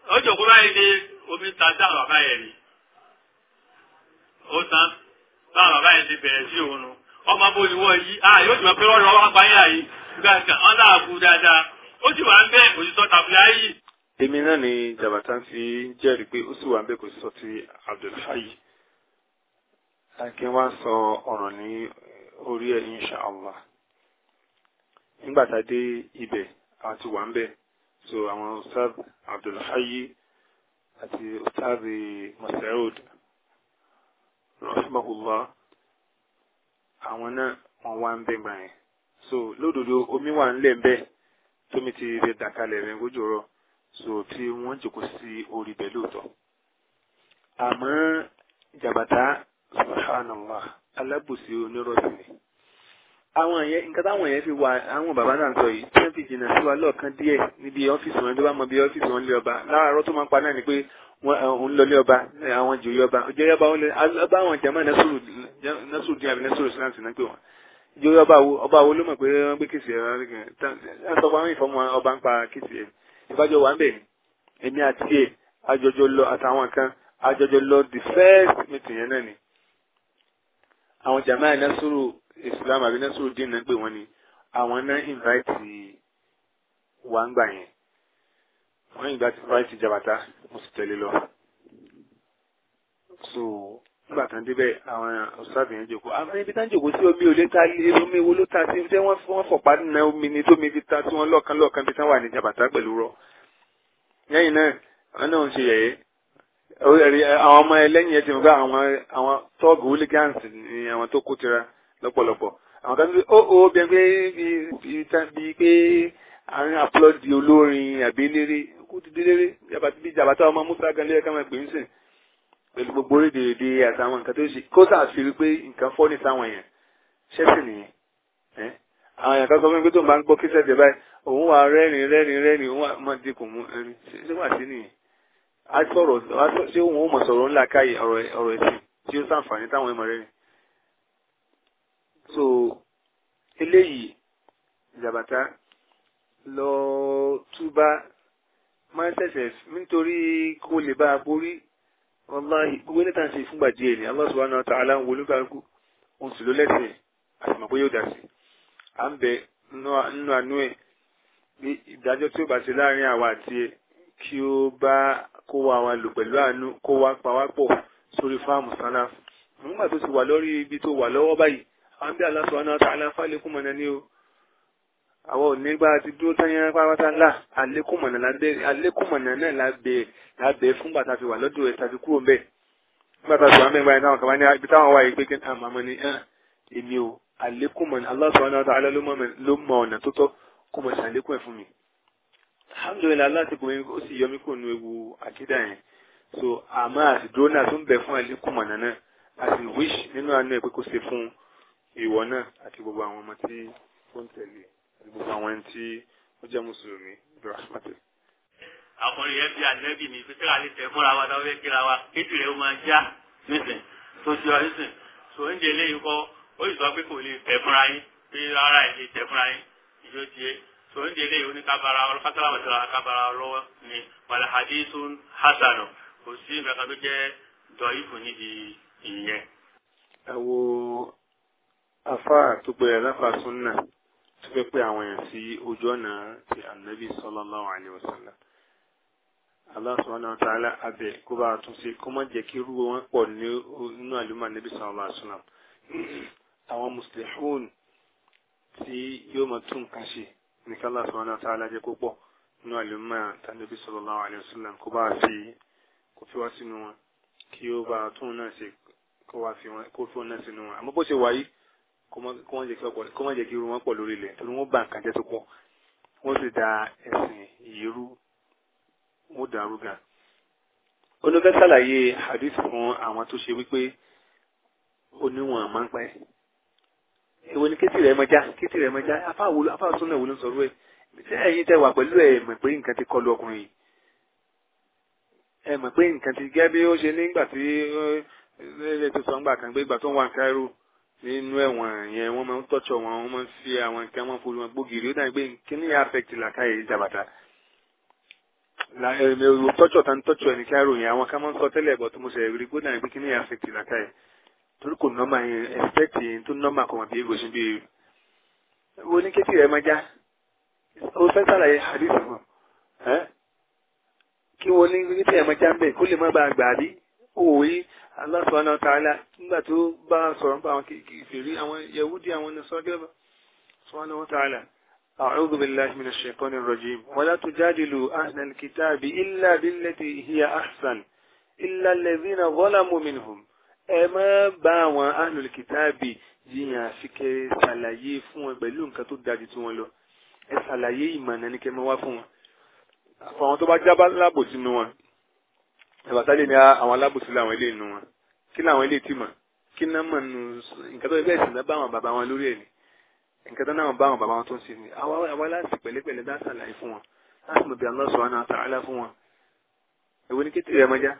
ó omi ta dá bàbá yẹn ni ó tán bá bàbá yẹn ti ọmọ bó ni wọ́n yí a yóò jùmọ̀ pé lọ́rọ̀ wá gbáyé àyè gbà kan ọ́n wà ń bẹ́ òṣìṣọ́ yìí. èmi náà ni jẹ́rìí pé ó sì sọ ti akin wá sọ ọ̀rọ̀ ní orí ẹ̀ nígbà tá a dé ibẹ̀ àti wà ń bẹ̀ so àwọn ustaz abdulhayi àti ustaz masoud rahimahullah àwọn náà wọ́n wá ń bẹ̀ gbà yẹn so lódodo omi wà ń lẹ̀ ń bẹ̀ tómi ti rẹ̀ dàkalẹ̀ rẹ̀ gójò rọ̀ so tí wọ́n jòkó sí orí bẹ̀ lóòótọ́ àmọ́ jàbàtà subhanallah alábòsí onírọ̀sìn ni àwọn yẹn nǹkan táwọn yẹn fi wà àwọn bàbá náà sọ yìí tí wọ́n fi jìnnà sí wa lọ́ọ̀kan díẹ̀ níbi ọ́fíìsì wọn tó bá mọ bí ọ́fíìsì wọn lé ọba láàárọ̀ tó máa ń pa náà ni pé òun lọ lé ọba àwọn jòyè ọba jòyè ọba wọn lé ọba àwọn jama nasiru dín àbí nasiru islam sí náà pé wọn jòyè ọba wo ọba wo ló mọ̀ pé wọ́n gbé kìsì ẹ̀rọ àtọ́kọ̀ àwọn ìfọ̀mù the first meeting yẹn náà ni àwọn islam àbí nasirudin náà pé wọ́n ni àwọn náà invite wa ń gbà yẹn wọ́n ìgbà tí invite jabata mo sì tẹ̀lé lọ so nígbà tán débẹ̀ àwọn ọ̀sáàbì yẹn jòkó àwọn ibi táwọn jòkó sí omi ò lè ta omi wo ló ta sí ṣé wọ́n wọ́n fọ̀pá nínú omi ni tómi fi ta tí wọ́n lọ́ọ̀kan lọ́ọ̀kan bí táwọn wà ní jabata pẹ̀lú rọ lẹ́yìn náà wọn náà ń ṣe yẹ̀yẹ́ àwọn ọmọ ẹlẹ́yìn ẹ ti mọ̀ pé àwọn tọ́ọ̀gù hooligans ni àwọn tó kó tira lọ́pọ̀lọpọ̀ àwọn kan tó ó ó bí ẹgbẹ́ bíi pé àárín àpọ́lọ́dì olórin àbí eléré kó ti déléré bí jàbátà ọmọ musa gan lẹ́yìn káwọn ẹgbẹ́ ń sìn pẹ̀lú gbogbo orílẹ̀-èdè àtàwọn nǹkan tó ṣe kó sàṣírí pé nǹkan fọ́ ní sáwọn èèyàn ṣẹ́sìn nìyẹn àwọn èèyàn kan sọ fún mi pé tó ń bá ń gbọ́ kí sẹ́ẹ̀dẹ̀ báyìí òun wà rẹ́rìn rẹ́rìn rẹ́rìn òun máa dínkù mú ẹrin ṣé wà sí nìyẹn á sọ̀rọ̀ ṣé òun ó mọ̀ sọ̀rọ̀ ńlá káyè ọ̀rọ̀ ẹ̀sìn tí ó sàǹfààní táwọn ẹ̀mọ̀ rẹ́rìn so eléyìí jàbàtà lọ túbá máa ń ṣẹ̀ṣẹ̀ nítorí kó lè bá a borí wàláhì gbogbo ní tàǹsì fúngbà díẹ̀ ni Allah subhanahu wa ta'ala ń wo olúkàlùkù òun sì ló lẹ́sẹ̀ àti màpé yóò dà sí à ń bẹ nínú àánú ẹ̀ bí ìdájọ́ tí ó bá ṣe láàrin àwa àti ẹ kí ó bá kó wa wa lò pẹ̀lú àánú kó wa pa wá pọ̀ sórí fáàmù sálá nígbà tó ti wà lórí ibi tó wà lọ́wọ́ báyìí àwọn bí aláṣọ náà tààlà fálékún mọ̀nà ní o àwọn onígbà ti dúró tányán pátá là àlékún mọ̀nà náà lábẹ́ lábẹ́ fún bàtà fi wà lọ́dọ̀ ẹ̀ tàbí kúrò bẹ́ẹ̀ bàtà fi wà mẹ́gbà ẹ̀ táwọn kàmá ní ibi táwọn wáyé pé kí n ah, àmà mọ́ ni ah, èmi o àlékún mọ̀nà aláṣọ náà tààlà so àmọ́ àti dúró náà tó ń bẹ fún àlékún mọ̀nà náà àti wish nínú àánú ẹ̀ pé kó ṣe fún un ìwọ náà àti gbogbo àwọn ọmọ tí ó ń tẹ̀lé àti gbogbo àwọn ẹni tí ó jẹ́ mùsùlùmí ibrahimate. àkọrin yẹn bí ànẹ́bì mi pété àlè tẹ fúnra wa náà fẹ́ kíra wa kéjì rẹ̀ ó máa já nísìn tó ṣe ọ nísìn tó ń jẹ eléyìí kọ́ ó sì sọ pé kò lè tẹ fúnra yín pé rárá ẹ̀ lè tẹ fúnra yín ìjọ tiẹ̀ tó ń jẹ eléyìí oníkábàárà ọlọ́kátàlá wàtàlá lọ́wọ́ ni wàlá hadithun hasanu kò sí ìgbàkan tó jẹ́ dọ̀ afáà tó pẹ̀rẹ̀ láfa súnà tó fẹ́ pé àwọn èèyàn sí ojú ọ̀nà ti ànábì sallallahu alaihi wasallam Allah subhanahu wa ta'ala abẹ kó bá a tún ṣe kó má jẹ́ kí irú wọn pọ̀ nínú àlùmọ́ ànábì sallallahu alaihi wasallam àwọn muslihun tí yóò máa tún nǹkan ṣe ní kí Allah subhanahu jẹ́ kó nínú àlùmọ́ ànábì sallallahu alaihi wasallam kó bá a fi kó fi wá sínú wọn kí ó bá a tún náà ṣe kó wá fi wọn kó fi wọn náà sínú wọn àmọ́ bó ṣe wáyé kó wọ́n jẹ́ kí ọ̀pọ̀ kó wọ́n jẹ́ kí irú wọn pọ̀ lórí ilẹ̀ torí wọ́n bà nǹkan jẹ́ tó pọ̀ wọ́n sì da ẹ̀sìn ìyẹ́rú wọ́n dàrú gan. onífẹ́ sàlàyé hadith fún àwọn tó ṣe wípé oníwọ̀n máa ń pẹ́ èwo ni kétì rẹ̀ mọ́já kétì rẹ̀ mọ́já afáà súnà wo ló ń sọ̀rọ̀ ẹ̀ ṣé ẹ̀yin tẹ́ wà pẹ̀lú ẹ̀ mọ̀ pé nǹkan ti kọlu ọkùnrin yìí ẹ mọ̀ pé nǹkan ti gẹ́ bí ó ṣe nígbà tí ẹ ẹ tó sọ ńgbà kan gbé ìgbà tó ń wà ń káírò nínú ẹ̀wọ̀n yẹn wọ́n máa ń tọ́jọ́ wọn wọ́n máa ń fi àwọn nǹkan wọn forí wọn gbógiri ó dàbí pé kíní yà affect làkàyè jàbàtà tọ́jọ́ tá ń tọ́jọ́ ẹni ká ròyìn àwọn ká máa ń sọ tẹ́lẹ̀ bọ̀ tó mo ṣe rí gbódà pé kíní yà affect làkàyè torí kò nọ́mà yẹn expect yẹn tó nọ́mà kò mà bí egbò sí bí wo ní kékeré ẹ máa já ó fẹ́ sàlàyé hadith wọn kí wọ́n ní kékeré ẹ máa já òwe Allah subhanahu wa ta'ala nígbà tó bá sọ̀rọ̀ nípa àwọn kèfèrí àwọn yahudi àwọn nasọ́gẹ́bà subhanahu wa أعوذ بالله من الشيطان الرجيم ولا تجادلوا أهل الكتاب إلا بالتي هي أحسن إلا الذين ظلموا منهم ẹ má bá àwọn alùlùkìtàbì jiyàn àfi kẹ́ ṣàlàyé fún wọn pẹ̀lú nǹkan tó dájú tí wọ́n lọ ẹ ṣàlàyé ìmọ̀nà ní kẹ́ máa wá fún wọn àbàtà ni ní àwọn alábòsí làwọn ilé inú wọn kí làwọn ilé tìmọ̀ kí náà mọ̀ nù nǹkan tó bẹ́ẹ̀ sì náà bá àwọn bàbá wọn lórí ẹ̀ ni nǹkan tó náà bá àwọn bàbá wọn tó ń sin àwa láti pẹ̀lẹ́pẹ̀lẹ́ dá sàlàyé fún wọn láti mọ̀ bí Allah subhanahu wa ta'ala fún wọn èwo ni kété rẹ̀ mọ́já.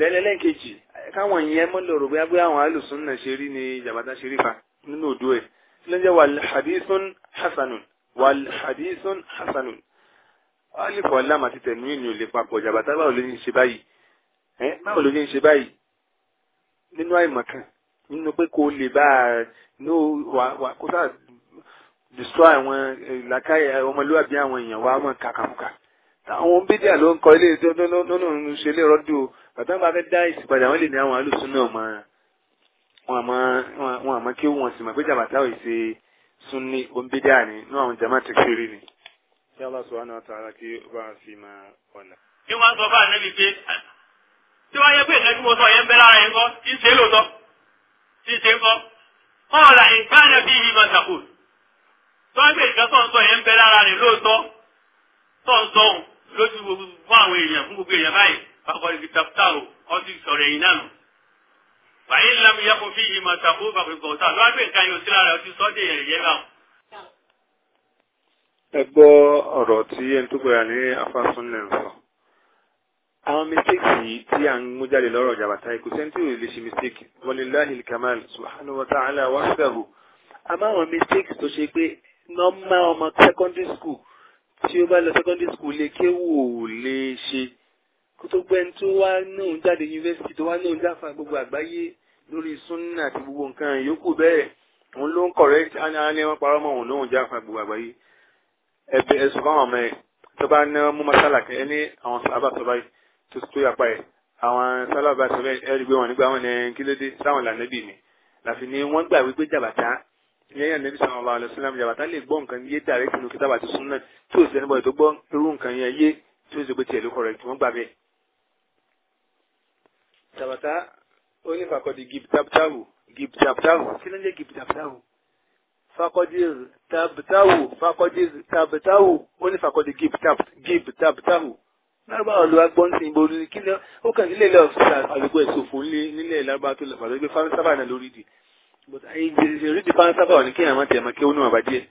lẹ́lẹ́lẹ́kejì káwọn yẹn mọ́ lọ́rọ̀ bí abúlé àwọn alùsùn náà ṣe rí ni jàbátá ṣe rí fa nínú òdó ẹ̀ ló wàl hadithun hasanun wàl hadithun hasanun alifu alam àti tẹ̀mí ni ò lè papọ̀ jàbàtà báwo ló ní ṣe báyìí ẹ báwo ló ní ṣe báyìí nínú àìmọ̀kan nínú pé kó lè bá a ní wà wà kó sáà destroy àwọn eh, làkàyè eh, ọmọlúwàbí àwọn èèyàn wa mọ̀ kàkàkùkà àwọn bídíà ló ń kọ ilé nínú ṣe lè rọ́dù o bàtà bá fẹ́ dá ìsìn padà lè ní àwọn alùsùn náà mọ́ wọn àmọ́ kí wọ́n sì mọ̀ pé jàbàtà ò ṣe sunni ó ń bídíà ni ní àwọn jama tẹ̀sírí ni kí Allah subhanahu wa ta'ala kí ó bá fi máa ọ̀nà. kí wọ́n sọ fún ànábì pé tí wọ́n yẹ pé ìtẹ́jú mo sọ yẹn bẹ́ lára yẹn kọ́ tí ń ṣe lóòótọ́ tí ń ṣe ń kọ́ kọ́ọ̀lá ìkáàlẹ̀ bí ìmọ̀ ṣàkó tó ń gbé ìkan tó ń sọ yẹn bẹ́ lára rẹ̀ lóòótọ́ tó ń sọ òun lójú gbogbo fún àwọn èèyàn fún gbogbo èèyàn báyìí bàbá ibi tàbítàrò ọtí sọ̀rọ̀ ẹ̀yìn náà nù. wàyí ńlá mi yẹ kó fi ìmọ̀ ṣàkó bàbá ìgbọ̀ta lọ́wọ́ ẹ gbọ́ ọ̀rọ̀ tí ẹni tó gbéra ní afásúnlẹ̀ ń sọ àwọn mistakes yìí tí à ń mú jáde lọ́rọ̀ jàbàtà ikú sẹ́ńtì ò lè ṣe mistake walillahi al-kamal subhanahu wa ta'ala wahdahu àmọ́ àwọn mistakes tó ṣe pé normal ọmọ secondary school tí ó bá lọ secondary school lè kéwò ò lè ṣe kó tó gbẹ́ni tó wá náà jáde university tó wá náà jáfa gbogbo àgbáyé lórí sunna àti gbogbo nǹkan yòókù bẹ́ẹ̀ òun ló ń correct á ní wọn parọ́ mọ́ òun lóun jáfa gbogbo àgbáyé ẹbẹ ẹsùn fáwọn ọmọ yẹn tó bá ní mú masala kẹ ẹni àwọn sábà sọ báyìí tó tó yàpá yẹ àwọn sábà sọ bẹ́ẹ̀ ẹrí gbé wọn nígbà wọn ní kílódé sáwọn lànà bì ní làfi ni wọn gbà wípé jàbàtà yẹn yàn níbi sọ̀rọ̀ ọ̀la sílám jàbàtà lè gbọ́ nǹkan yé dàrẹ́ tìlú kí tábà sún náà tí ò ẹni bọ́ọ̀ tó gbọ́ irú nǹkan yẹn yé tí ó gbé tiẹ̀ ló kọ̀ rẹ̀ tí wọ́n fakọdíz tabtawu fakọdíz tabtawu ó ní fakọdí gib tab gib tabtawu lárúbáwá ló wá gbọ́ ní ìbò ní kí ni ó kàn nílé ilẹ̀ ọ̀sán àlùkò ìṣòfò nílẹ̀ lárúbáwá tó lọ́pàá lọ́gbẹ́ fáńsábà náà lórí di but ìjẹ́rìí di fáńsábà wà ní kí àwọn tẹ̀mọ́ kí ó nù àbájẹ́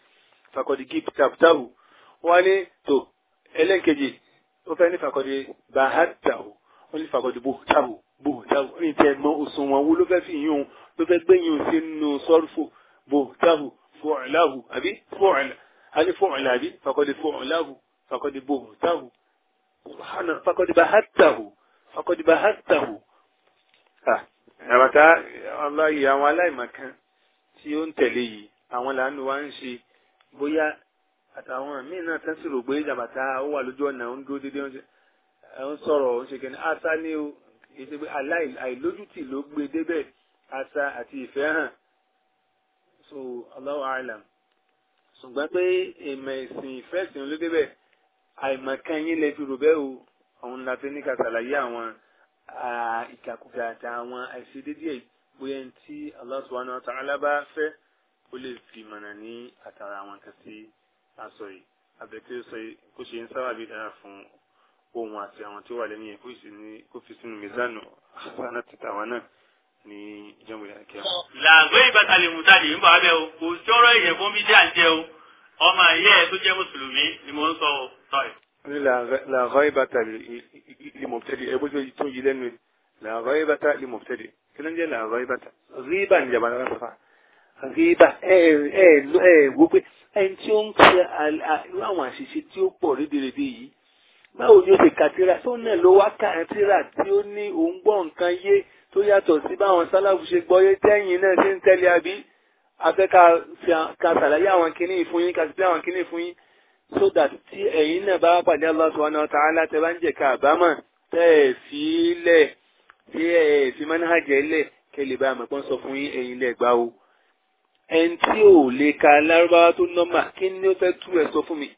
fakọdí gib tabtahu wọ́n á ní tó ẹlẹ́nkejì ó fẹ́ ní fakọdí bahatahu ó ní fakọdí bohtahu bohtahu ó ní tẹ̀mọ́ òṣùwọ̀n wo ló fẹ́ fi yún un ló fẹ́ gbẹ̀yìn òsínú sọ́rùfò bohtahu فعله أبي فعل هل فعل أبي فقد فعله فقد بهته سبحان فقد بهته فقد بهته ها àbàtà ọlọ́yì àwọn aláìmọ̀kan tí ó ń tẹ̀lé yìí àwọn làánú wa ń ṣe bóyá àtàwọn míì náà tán sì rò pé jàbàtà ó wà lójú ọ̀nà ń dúró déédéé ń sọ̀rọ̀ ń ṣe kẹ́ni àṣà ni ó àìlójútì ló gbé débẹ̀ àṣà àti ìfẹ́ hàn so Allahu a'lam ṣùgbọ́n pé ìmọ̀ ìsìn ìfẹ́sìn olódébẹ̀ àìmọ̀kan yín lè fi rò bẹ́ẹ̀ o òun la ní ká ṣàlàyé àwọn ìkàkùkà àti àwọn àìṣedédé bóyá ní tí Allah subhanahu wa ta'ala bá fẹ́ ó lè fi mọ̀nà ní àtàrà àwọn kan sí aṣọ yìí abẹ́kẹ́ sọ kó ṣe ń sábà bí dára fún ohun àti àwọn tí ó wà lẹ́yìn kó fi sínú mizanu àṣà náà títà náà ní ìjọba ìyá kíá. làǹgbé ìbáta lè mú tàdé ń bọ̀ abẹ́ o kò sí ọ̀rọ̀ ìyẹn fún mi díà jẹ́ o ọmọ ilé ẹ̀ tó jẹ́ mùsùlùmí ni mò ń sọ o tọ́yì. làǹgbé ìbáta lè mọ̀ tẹ́lẹ̀ ẹ bó ṣe tó yí lẹ́nu làǹgbé ìbáta lè mọ̀ tẹ́lẹ̀ kí ló ń jẹ́ làǹgbé ìbáta ríbà ní ìjàmbá náà fà ríbà ẹ ẹ ẹ wo pé ẹni tí ó ń ṣe àwọn àṣìṣe tí ó pọ̀ rédèrèdè yìí báwo ni ó ṣe kàtírà tó náà ló wá kàtírà tí ó ní òun gbọ́ nǹkan yé tó yàtọ̀ sí báwọn sálàfù ṣe gbọ́yé tẹ́yìn náà ṣe ń tẹ́lẹ̀ àbí afẹ́ ká ṣàlàyé àwọn kìíní ìfún yín ká sì pé àwọn kìíní ìfún so that tí ẹ̀yin náà bá pàdé Allah subhanahu wa ta'ala tẹ́ bá ń jẹ̀ ká àbámọ̀ tẹ́ ẹ̀ fi lẹ̀ tí ẹ̀ fi manhajẹ́ lẹ̀ kẹ́ lè bá àmọ̀pọ́n sọ fún yín ẹ̀yin lẹ̀ gbá o ẹni tí ò lè ka lárúbáwá tó nọ́mà kí ni ó fẹ́ tú ẹ̀ sọ fún mi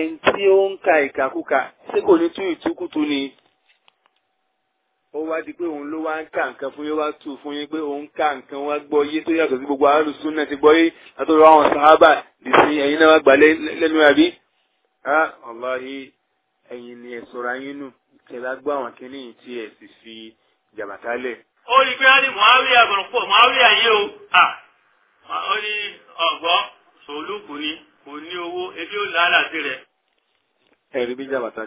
ẹni tí ó ń ka ìkàkùkà ṣé kò ní tú ìtúkùtù ni ó wá di pé òun ló wá ń ka nǹkan fún yín wá tù fún yín pé òun ka nǹkan wá gbọ́ yé tó yàtọ̀ sí gbogbo alùsùn náà ti gbọ́ yé látọ̀rọ̀ àwọn sàhábà dìsí ẹ̀yin náà wá gbà lẹ́nu àbí. a ọlọ́hí ẹ̀yin ni ẹ̀ sọ̀rọ̀ ayé nù kẹ́ bá gbọ́ àwọn kínní yìí tí ẹ̀ sì fi jàbàtà lẹ̀. ó rí pé á ní muhawiya gbọ̀rọ̀ pọ̀ muhawiya o ó ní ọ̀gbọ́ sòlúkù ni kò ní owó ebi ó lálàá sí rẹ̀. ẹ̀rí bí jàbàtà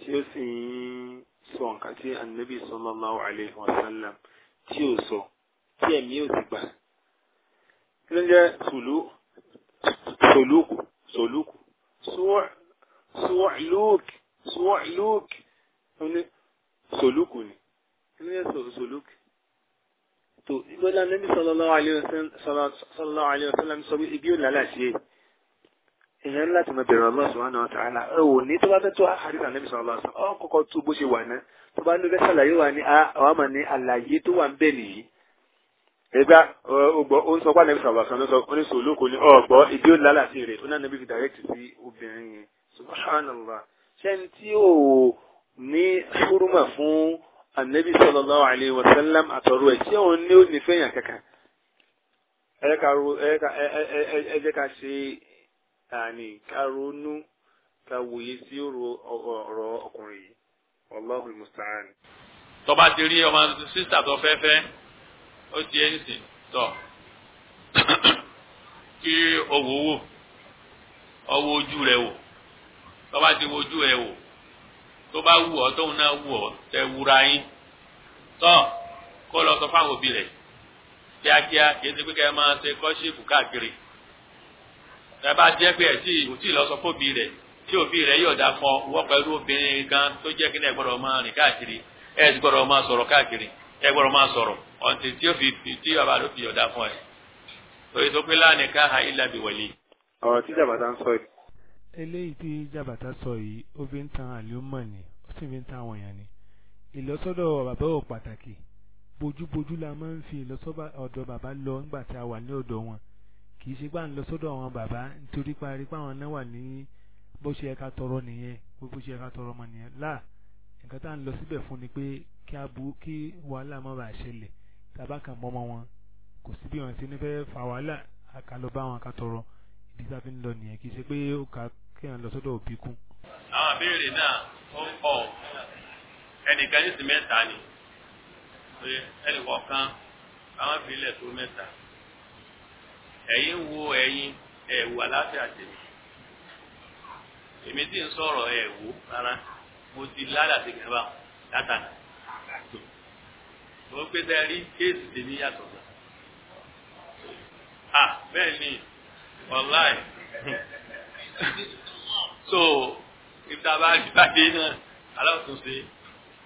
tí ó sì ń sọ nǹkan tí anabi sallallahu alayhi wa sallam tí ó sọ tí ẹ̀mí ò sì gbà kí ló ń jẹ́ sòlúkù sòlúkù sòlúkù sòlúkù sòlúkù ni kí ló ń jẹ́ sòlúkù tó ìgbọ́dọ̀ anabi sallallahu alayhi wa sallam sọ ibi ò lálàṣẹ èèyàn ńlá ti mọ bẹ̀rẹ̀ Allah subhanahu wa ta'ala ẹ ò ní tó bá fẹ́ tó àdìsá níbi sallallahu alaihi wasallam ọ kọ́kọ́ tó bó ṣe wà ná tó bá lóore sàlàyé wà ní àwọn àmà ní àlàyé tó wà ń bẹ̀ nìyí. ẹgbà ọgbọ ó ń sọ pé ànábì sallallahu alaihi wasallam oníṣòwò olóko ni ọgbọ ìdí ó lálà sí rẹ oní ànábì fi direct sí obìnrin yẹn subhanallah ṣẹ́ni tí ò ní ṣúrùmà fún ànábì sallallahu àní ká ronú ká wòye sí ọ̀rọ̀ ọkùnrin yìí Allahul musta'an. tọ́ba ti rí ọmọ sísà tó fẹ́fẹ́ ó ti ẹ́ ń sìn tọ́ kí owó wò ọwọ́ ojú rẹ̀ wò tọ́ba ti wo ojú rẹ̀ wò tó bá wù ọ́ tóun náà wù ọ́ tẹ wúra yín tọ́ kó lọ sọ fáwọn òbí rẹ̀ kíákíá kì í ṣe pé kẹ́ ẹ máa ṣe kọ́ṣíìpù káàkiri ẹ bá jẹ́ pé ẹ̀ tí ò tí ì lọ sọ fóbi rẹ̀ tí òbí rẹ̀ yóò dá fún ọ wọ́n pẹ̀lú obìnrin gan tó jẹ́ kíní ẹ gbọ́dọ̀ máa rìn káàkiri ẹ gbọ́dọ̀ máa sọ̀rọ̀ káàkiri ẹ máa sọ̀rọ̀ ọ̀ǹtì tí ó fi tí bàbá ló fi yọ̀dá fún ẹ. torí tó pé láàánú ká ha ilà bí wọlé. ọ̀rọ̀ tí jàbàtà ń sọ yìí. eléyìí tí jàbàtà sọ yìí ó fi ń tan àlùmọ̀ ni ó sì fi ń tan àwọn ni ìlọsọ́dọ̀ bàbá ò pàtàkì bójúbójú la máa ń fi ìlọsọ́dọ̀ bàbá lọ nígbà tí a wà ní ọ̀dọ̀ wọn kì í ṣe gbà ń lọ sọ́dọ̀ àwọn bàbá nítorí parí pé àwọn náà wà ní bó ṣe ẹ̀ka tọrọ nìyẹn bó ṣe ẹ̀ka tọrọ ọmọ nìyẹn láà nǹkan tá à ń lọ síbẹ̀ fún ni pé kí abu kí wàhálà má bàa ṣẹlẹ̀ tàbá kan mọ́mọ́ wọn kò sí bí wọn ṣe ní fẹ́ fa wàhálà àkàlọ́ bá wọn ká tọrọ ìdí tá a fi ń lọ nìyẹn kì í ṣe pé ó kà kí wọn lọ sọ́dọ̀ òbí kún. àwọn àbẹ̀rẹ̀ náà ó pọ̀ ẹnìkan ní sí mẹ́ta ni ẹnì ẹ̀yin wo ẹ̀yin ẹ̀wù àlàáfíà tèmi èmi tí ń sọ̀rọ̀ ẹ̀wù rárá mo ti ládàtì gẹ̀ẹ́bà látàná mo gbé tẹ́ rí kéèsì tèmi yàtọ̀ gbà à bẹ́ẹ̀ ni online so ìta bá gbàdé náà aláwòtúnṣe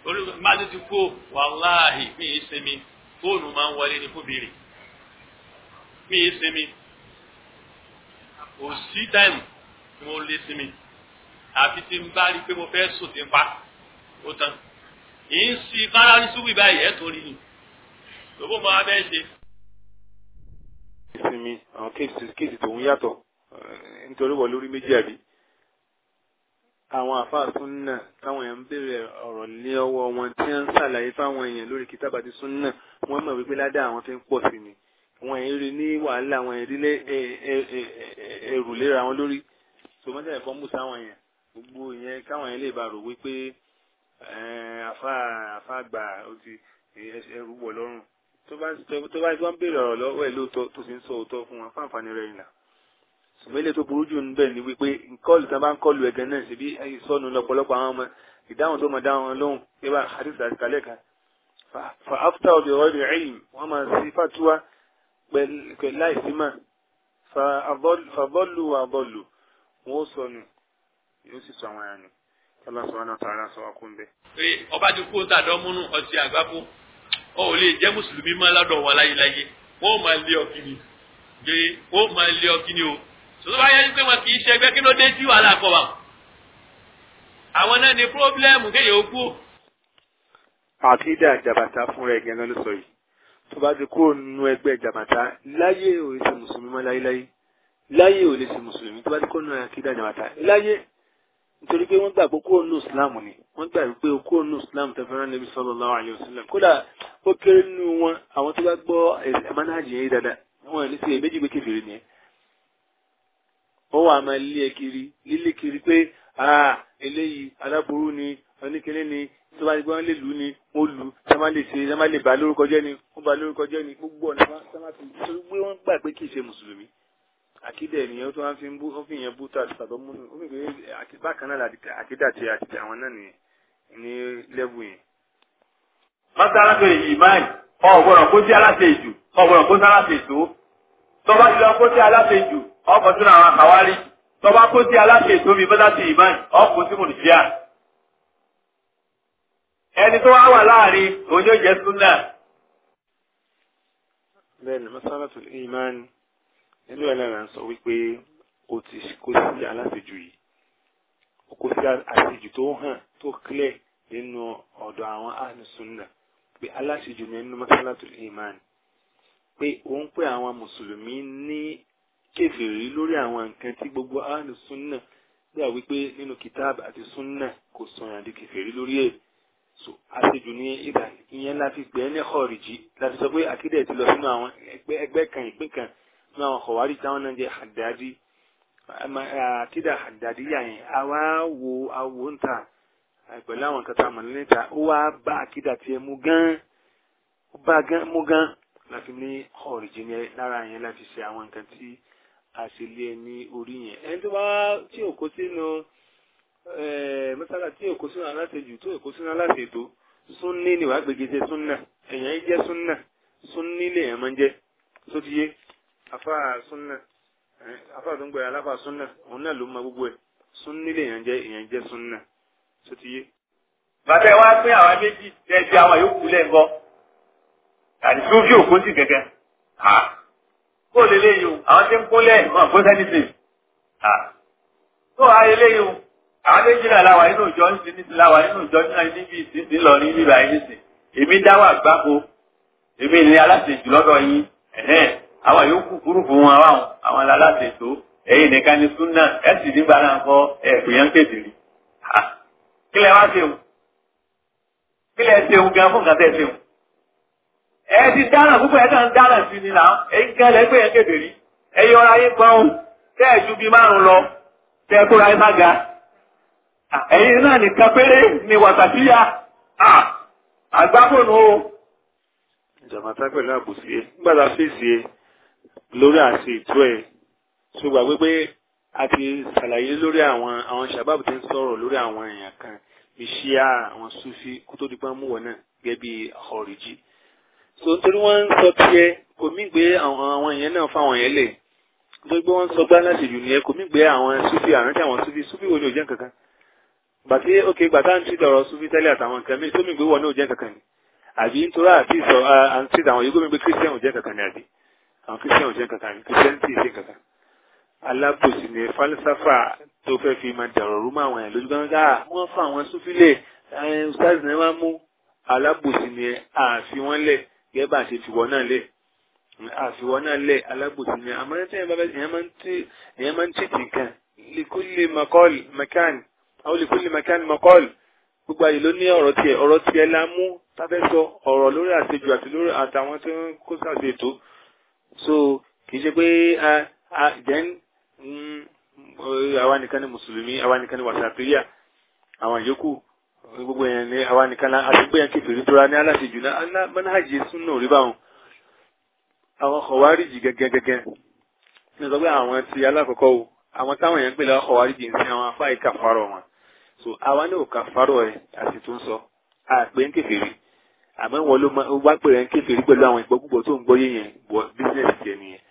orí máa ti ti kó wàláhì mí ìsinmi fóònù máa ń wọlé ní fúbìrì mi yé sinmi kò sí táìmù tí mo lé sinmi àfi tí n bá rí i pé mo fẹ́ sùn tí n pa ó tán yìí ń si kára ní súwì báyìí ẹ̀ tó rí ni lóbó máa bẹ́ẹ̀ ṣe. ìsinmi àwọn kéèsì tó ń yàtọ̀ eh, nítorí wọ́n lórí méjì àbí àwọn àfáà súnnà táwọn èèyàn ń béèrè ọ̀rọ̀ lé ọwọ́ wọn tí wọ́n ń ṣàlàyé fáwọn èèyàn lórí kìtàbà súnnà wọ́n mọ̀ wípé ládàá àwọn fi ń pọ̀ sí ni wọn èrè ní wàhálà wọn èrè lé ẹrù léra wọn lórí tòmọ́tà ẹ̀kọ́ mú sáwọn yẹn gbogbo ìyẹn káwọn yẹn lè bá rò wípé àfa àfa gbà ó ti ẹrù wọ̀ lọ́rùn tó bá tó bá tó ń béèrè ọ̀rọ̀ lọ́wọ́ ẹ̀ lóòótọ́ tó sì ń sọ òótọ́ fún wọn fáǹfààní rẹ̀ yìí nà ṣùgbọ́n tó burú jù níbẹ̀ ni wípé nkọ́ọ̀lù tán bá ń kọlù ẹ̀gẹ́ náà ṣe bí ìsọnù lọ́pọ̀lọpọ̀ àwọn ọmọ ìdáhùn tó mọ̀ dáhùn lóhùn pé bá àdìsí àti kálẹ̀ kan fa after of the oil ẹ̀yìn wọ́n máa ṣe fàtúwá pẹ̀lú láìsímà fàbọ́lù àbọ́lù wọn ó sọnù yóò sì sọ àwọn àyànnì kọlá sọ wọn náà tàn án sọ wọn kún bẹ. pé ọba ti kú tà dánmúnú ọtí àgbákò ọ ò lè jẹ́ mùsùlùmí máa lọ́dọ̀ wọn láyéláyé wọn ò máa lé ọkì ni gbé wọn ò máa lé ọkì ni o tòtò bá yẹ pé wọn kì í ṣe ẹgbẹ́ kí ló dé tí wàhálà kọ wa àwọn náà ní pírọ́blẹ́mù kéèyàn ó kú. àkídà jàbàtà fúnra ẹ̀gẹ́ ló sọ yìí tó bá ti kúrò nínú ẹgbẹ́ jàbàtà láyé ò lè ṣe mùsùlùmí mọ́ láyéláyé láyé ò lè ṣe mùsùlùmí tó bá ti kúrò nínú akídà jàbàtà láyé nítorí pé wọ́n gbà pé kúrò nínú islam ni wọ́n gbà pé kúrò nínú islam tó fẹ́ràn nabi sallallahu alaihi wasallam kódà ó kéré nínú wọn àwọn tó bá gbọ́ manájì yẹn dáadáa wọn ní sí ẹ kiri pé eléyìí ni oníkele ni tó bá ti gbọ́ lè lù ni wọ́n lù tá má lè ṣe tá má lè ba lórúkọ jẹ́ ni wọ́n bà lórúkọ jẹ́ ni gbogbo ọ̀nà tá má fi torí pé wọ́n gbà pé kì í ṣe mùsùlùmí àkídà ènìyàn tó wọ́n fi ń bú wọ́n fi yẹn bú tó àti tàbí múnú ó fi gbé bákan náà àkídà ti àti àwọn náà nìyẹn ní lẹ́bù yẹn. mọ́tò aláṣẹ ìmáì ọ̀gbọ̀nà kó sí aláṣẹ ìjù ọ̀gbọ̀nà kó sí aláṣẹ ìtò tọ́ba ti lọ kó sí aláṣẹ ìjù ọkọ̀ àwọn àkàwárí tọ́ba kó sí aláṣẹ ìtò mi bọ́dá ti ìmáì ọkọ̀ sí mùnìjíà ẹni tó wá wà láàrin òun yóò jẹ súnà. bẹ́ẹ̀ni masalatu iman nínú ẹlẹ́rìn sọ wípé o ti kó sí aláṣejù yìí o kó sí àṣejù tó hàn tó clear nínú ọ̀dọ̀ àwọn àlùsùnà pé aláṣejù ni nínú masalatu iman pé ó ń pè àwọn mùsùlùmí ní kèfèrí lórí àwọn nǹkan tí gbogbo àlùsùnà gbà wípé nínú kitaab àti súnà kò sọ̀rọ̀ àdìkèfèrí lórí èyí. so àṣejù ní ìdá ìyẹn láti gbé ní kọ̀ọ̀rìjì láti sọ pé àkídẹ̀ ti lọ sínú àwọn ẹgbẹ́ kan ìpín kan nínú àwọn kọ̀wárì táwọn náà jẹ́ àdáàdì àkídà àdáàdì yà yẹn àwa wo awo ń ta pẹ̀lú àwọn nǹkan tá a mọ̀ níta ó wá bá àkídà tiẹ̀ mú gan-an ó bá mú gan láti ní kọ̀ọ̀rìjì yẹn lára yẹn láti ṣe àwọn nǹkan tí a ní orí yẹn ẹni tó bá tí ò kó sínú. No, Eh, mọ́sálà tí èkó súnà láti jù tó èkó súnà láti ètò súnní ni wàá gbègede súnà èèyàn yìí jẹ́ súnà súnní lè yàn máa ń jẹ́ sódìyé afa súnà eh, afa tó ń gbẹ̀rẹ̀ aláfa súnà òun náà ló mọ gbogbo ẹ̀ súnní lè yàn jẹ́ èèyàn jẹ́ súnà sódìyé. bàbá ẹ wá pín àwọn méjì tẹ́ ti àwọn yòókù lẹ́ńgọ́ àti tó fi òkú sí gẹ́gẹ́ kó lè léyìí àwọn tí ń kúnlẹ̀ mọ̀ fún àwọn méjìlá làwà nínú ìjọ ń sin nísìn làwà nínú ìjọ náà níbi ìsìn lọ́rin bíbá yìí nísìn èmi dá wà gbáko èmi ní aláṣejù lọ́dọ̀ yín ẹ̀hẹ́n àwọn yòókù kúrú fún wọn àwọn àwọn aláṣejù ẹ̀yìn nìkan ní súnà ẹ̀ sì nígbà náà kọ́ ẹ̀ pè yẹn kéde rí kílẹ̀ wá ṣeun kílẹ̀ ṣeun gan fún nǹkan tẹ̀ ṣeun ẹ ti dáràn púpọ̀ ẹ kàn dáràn sí ni là ẹ̀yìn kan lẹ́gbẹ̀ẹ́ yẹn kéde rí ẹ yọra yín kan tẹ́ẹ̀ ju bíi márùn ẹ̀yin náà nìkan péré ni wàtàkìyà àgbákònú o. ìjàmbá pẹ̀lú àbùsí ẹ gbàdá fèsì ẹ lórí àti ìtú ẹ ṣùgbọ́n gbégbé a ti ṣàlàyé lórí àwọn àwọn shabab ti ń sọ̀rọ̀ lórí àwọn èèyàn kan bí ṣíà àwọn sufi kó tó di pọ́n mú wọn náà gẹ́gẹ́ bí ọ̀rìjì so nítorí wọ́n ń sọ tiẹ̀ kò mí gbé àwọn èèyàn náà fáwọn yẹn lè nítorí pé wọ́n ń sọ gbá láti jù nìyẹn kò mí gbé àwọn sufi àrántí àwọn sufi sufi wo ni ò gbàtí òkè gbàtà ń ti dọ̀rọ̀ sufi tẹ́lẹ̀ àtàwọn nǹkan mi tómi gbé wọ náà jẹ́ kankan ni àbí nítorí àti sọ àti àwọn yòókù mi pé kírísítẹ́nù jẹ́ kankan ni àbí àwọn kírísítẹ́nù jẹ́ kankan ni kírísítẹ́nù sì ṣe kankan. alábòsí ni falsafa tó fẹ́ fi máa dọ̀rọ̀ rú máa wọ̀nyẹn lójú gbọ́ngàn gáà ah, wọ́n fa àwọn sufilẹ̀ eh, ustaz náà máa mú alábòsí ni àfi wọ́n lẹ̀ gẹ́gẹ́ bá ṣe fìwọ́ náà lẹ̀ alábòsí àwọn olùkọ́ ní makan makol gbogbo àyè ló ní ọ̀rọ̀ tiẹ̀ ọ̀rọ̀ tiẹ̀ la mú tábẹ́ sọ ọ̀rọ̀ lórí àṣejù àti lórí àtàwọn tí wọ́n kó sàṣe ètò so kì í ṣe pé then mm, àwa nìkan ni mùsùlùmí àwa nìkan ni wàsàpìyà àwọn yòókù gbogbo yẹn ni àwa nìkan la àti gbé yẹn kẹfìrí tóra ní aláṣejù náà mọ́nájì súnà rí báwọn àwọn kọ̀wárìjì gẹ́gẹ́gẹ́gẹ́ ní sọ pé àwọn ti alákọ̀ọ́kọ́ o àwọn táwọn yẹn ń pè lọ́wọ́ kọ̀wárìjì ń sin àwọn afáìkà fọ́ọ̀rọ̀ wọn so àwa náà ò kà fárọ̀ ẹ̀ àti tó ń sọ àpè ń kèfèrí àmọ́ wọn ló wá pè rẹ̀ ń kèfèrí pẹ̀lú àwọn ìgbọ́gbọ́ tó ń gbọ́ yẹn bọ̀ bísíǹsì tiẹ̀ nìyẹn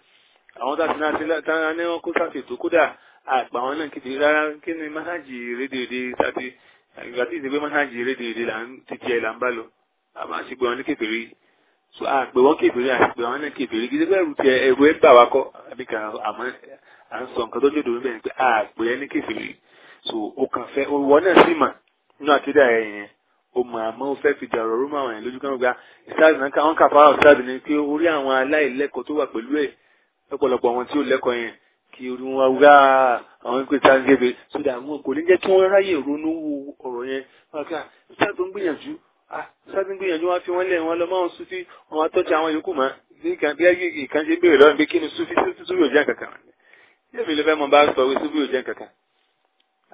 àwọn tá a ti náà ti lára ní wọn kó sàfètò kódà àpà àwọn náà kìtì rárá kí ni mánájì rédèrèdè tàbí ìgbà tí ìdìbò mánájì rédèrèdè là ń títí ẹ̀ là ń bá lọ àmọ́ àṣepẹ̀ wọn ní kèfèrí so àpè wọn kèfèrí àṣepẹ̀ wọn náà kèfèrí kí ẹgbẹ́ ẹrù tiẹ̀ ẹrù ẹ̀ bà wá kọ́ àbíkà àmọ́ ni pé àpè so ó kàn o wọn náà sì mà nínú àkídà ẹ̀ yẹn ó mọ àmọ́ ó fẹ́ fi jà ọ̀rọ̀ rúmọ̀ àwọn yẹn lójú kan gba ìsáàzì náà ah, wọn kà fáwọn ìsáàzì ni pé orí àwọn aláìlẹ́kọ̀ọ́ tó wà pẹ̀lú ẹ̀ lọ́pọ̀lọpọ̀ àwọn tí ó lẹ́kọ̀ọ́ yẹn kí orí wọn wá ah, àwọn ìpè sáńgébé sódà àwọn kò ní jẹ́ kí wọ́n ráyè ronú ọ̀rọ̀ yẹn wọn kà ìsáàzì ń gbìyànjú ah, sáàtì ń gbìyànjú wọn fi wọn lẹ wọn lọ máa ń sufi wọn atọ́jú àwọn yòókù mọ́ bí ìkànjẹ́ bèrè lọ́rùn pé kí ni sufi sufi yóò jẹ́ kankan yẹ́mi ló fẹ́ mọ bá sọ pé sufi yóò kankan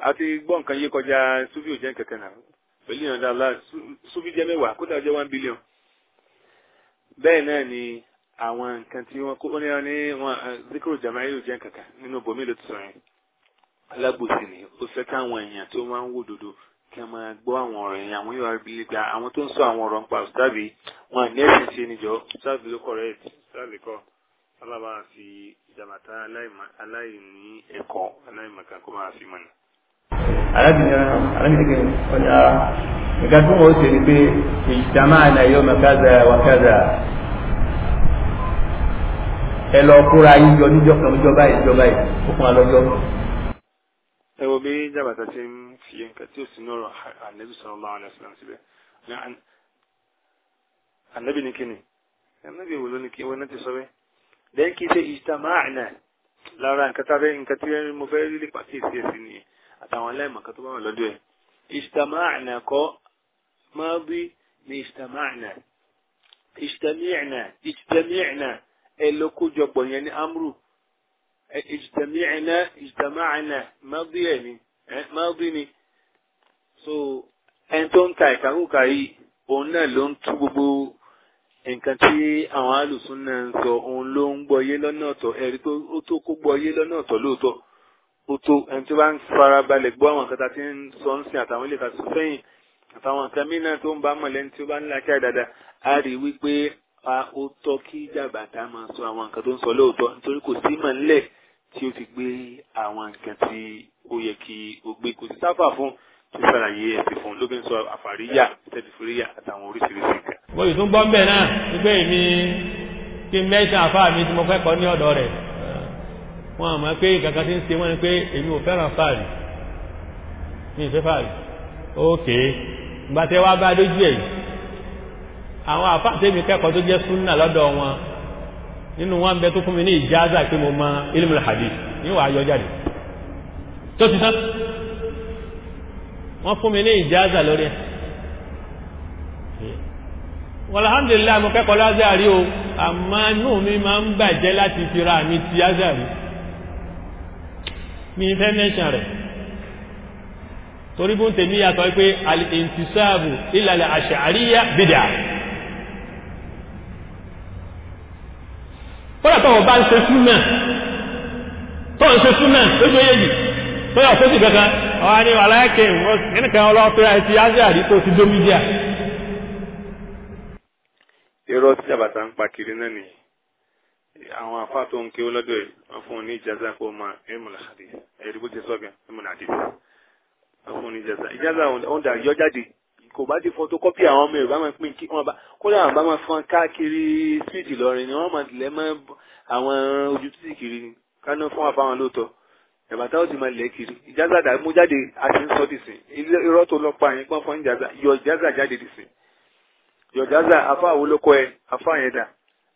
àti gbọ́ nǹkan yé kọjá sufi ò jẹ́ kẹ̀kẹ́ náà pẹ̀lú ìyọ̀nda ọ̀la sufi jẹ́ mẹ́wàá kódà jẹ́ one billion bẹ́ẹ̀ náà ni àwọn nǹkan tí wọ́n kó ní wọn ní wọn eh, zikiru jama yóò jẹ́ kẹ̀kẹ́ nínú bòmí ló ti sọ yẹn alágbòsí ni ó fẹ́ káwọn èèyàn tó máa ń wò dodo kí wọ́n máa gbọ́ àwọn ọ̀rọ̀ yẹn àwọn yóò rí gba àwọn tó ń sọ àwọn ọ̀rọ̀ ń pa ọ̀sítàbí wọn ní ẹ̀sìn ṣe níjọ ọ̀sítàbí ló kọ̀ rẹ̀ ọ̀sítàbí kọ́ ọlọ́ba fi ìjàmbá tá aláìní ẹ̀kọ́ aláìmọ̀kan kó máa fi mọ̀nà arábìnrin arábìnrin ọ̀nà ìgbà tó wọ́n ṣe ni pé ìjàmá àná yóò mọ káza wà káza ẹ lọ kóra yín jọ níjọ kan níjọ báyìí níjọ báyìí ó fún wa lọ́jọ́. ẹ wo bí jàbàtà ti ń fi nǹkan tí ó sì náà rọ ànẹ́bí sọ̀rọ̀ máa ń lọ síbẹ̀ ànẹ́bí ni kíni ànẹ́bí wo ló ní kí wọ́n ti sọ bẹ́ẹ̀ lẹ́yìn kí ṣe ìjàmá àná lára nǹkan tí mo fẹ́ rí lè pàṣẹ ìṣesí nìyẹn. àtàwọn aláìmọ̀ kan tó bá wà lọ́dọ̀ ẹ̀ ìsìtàmáàna kọ́ máa bí ní ìsìtàmáàna ìsìtàmíàna ìsìtàmíàna ẹ amru ìsìtàmíàna ìsìtàmáàna máa bí ẹ̀ ní máa so ka gbogbo nǹkan tí àwọn alùsùn náà ń sọ òun ló ń gbọ́ yé lọ́nà ọ̀tọ̀ ẹ̀rí tó kó gbọ́ yé lọ́nà ó tó ẹni tó bá ń fara balẹ̀ gbọ́ àwọn nǹkan tá a ti ń sọ ń sìn àtàwọn ilé ìtàkùn sẹ́yìn àtàwọn nǹkan mìíràn tó ń bá mọ̀ lẹ́ni tí ó bá ń lajà dáadáa á rí i wípé ó tọ́ kí jàbàtà máa sọ àwọn nǹkan tó ń sọ lóòótọ́ nítorí kò sí mọ̀ nílẹ̀ tí ó ti gbé àwọn nǹkan tí ó yẹ kí ó gbé kò sí sáfà fún tó ṣàlàyé ẹ̀sìn fún ló fi ń sọ àfàríyà tẹ́lifíríyà àtàwọn oríṣiríṣi nǹkan. mo sì tún gbọ́ mbẹ́ náà wípé èmi kí mẹ́sàn-án àfáà mi tí mo fẹ́ kọ́ ní ọ̀dọ̀ rẹ̀ wọn àmọ́ pé ìkàkà tí ń ṣe wọ́n ni pé èmi ò fẹ́ràn fàárì ní ìfẹ́ fàárì ókè gbàtẹ́ wá bá dójú ẹ̀ àwọn àfáàtẹ́mi kẹ́kọ̀ọ́ tó jẹ́ súnà lọ́dọ̀ wọn nínú wọn bẹ tó fún mi ní ìjáza pé mo mọ ilmul hadith ní wàá yọ jáde tó ti tán wọ́n fún mi ní ìjáza lórí ẹ̀ alhamdulillah mo kẹ́kọ̀ọ́ lázàrí o àmọ́ inú mi máa ń bàjẹ́ láti fi mi ti azàrí mi fẹ́ mẹ́ṣàn rẹ̀ torí bó ń tèmi yàtọ̀ pé al-intisabu ila al-ash'ariyya bid'a kọ́lá tọ́wọ́ bá ń ṣe súnà tọ́wọ́ ń ṣe súnà lójú oyéyì tó yà sósì kankan àwọn ni wàhálà ẹ̀kẹ́ nìkan ọlọ́wọ́ pé àti aṣáàrí tó ti dómídíà. irọ́ tí àbàtà ń pa kiri náà nìyí àwọn afá tó ń ké lọ́dọ̀ ẹ̀ wọ́n fún un ní ìjáza kó máa ẹ̀mù làkàdé ẹ̀rí bó ti sọ́gbìn ẹ̀mù làkàdé wọ́n fún un ní ìjáza ìjáza òun dà yọ jáde kò bá di fotokọ́pì àwọn ọmọ yorùbá máa ń pín kí wọ́n bá kódà àwọn bá máa fọn káàkiri síìtì lọ́rin ni wọ́n máa tilẹ̀ mọ́ àwọn ojú títì kiri ni kánú fún wa fáwọn lóòótọ́ ẹ̀bà táwọn ti máa lẹ̀ kiri ìjáza dà mú jáde a ti ń sọ dìsìn irọ́ tó lọ pa yẹn pọ́n fún ìjáza yọ ìjáza jáde dìsìn yọ ìjáza afá àwòlókọ ẹ afá yẹn dà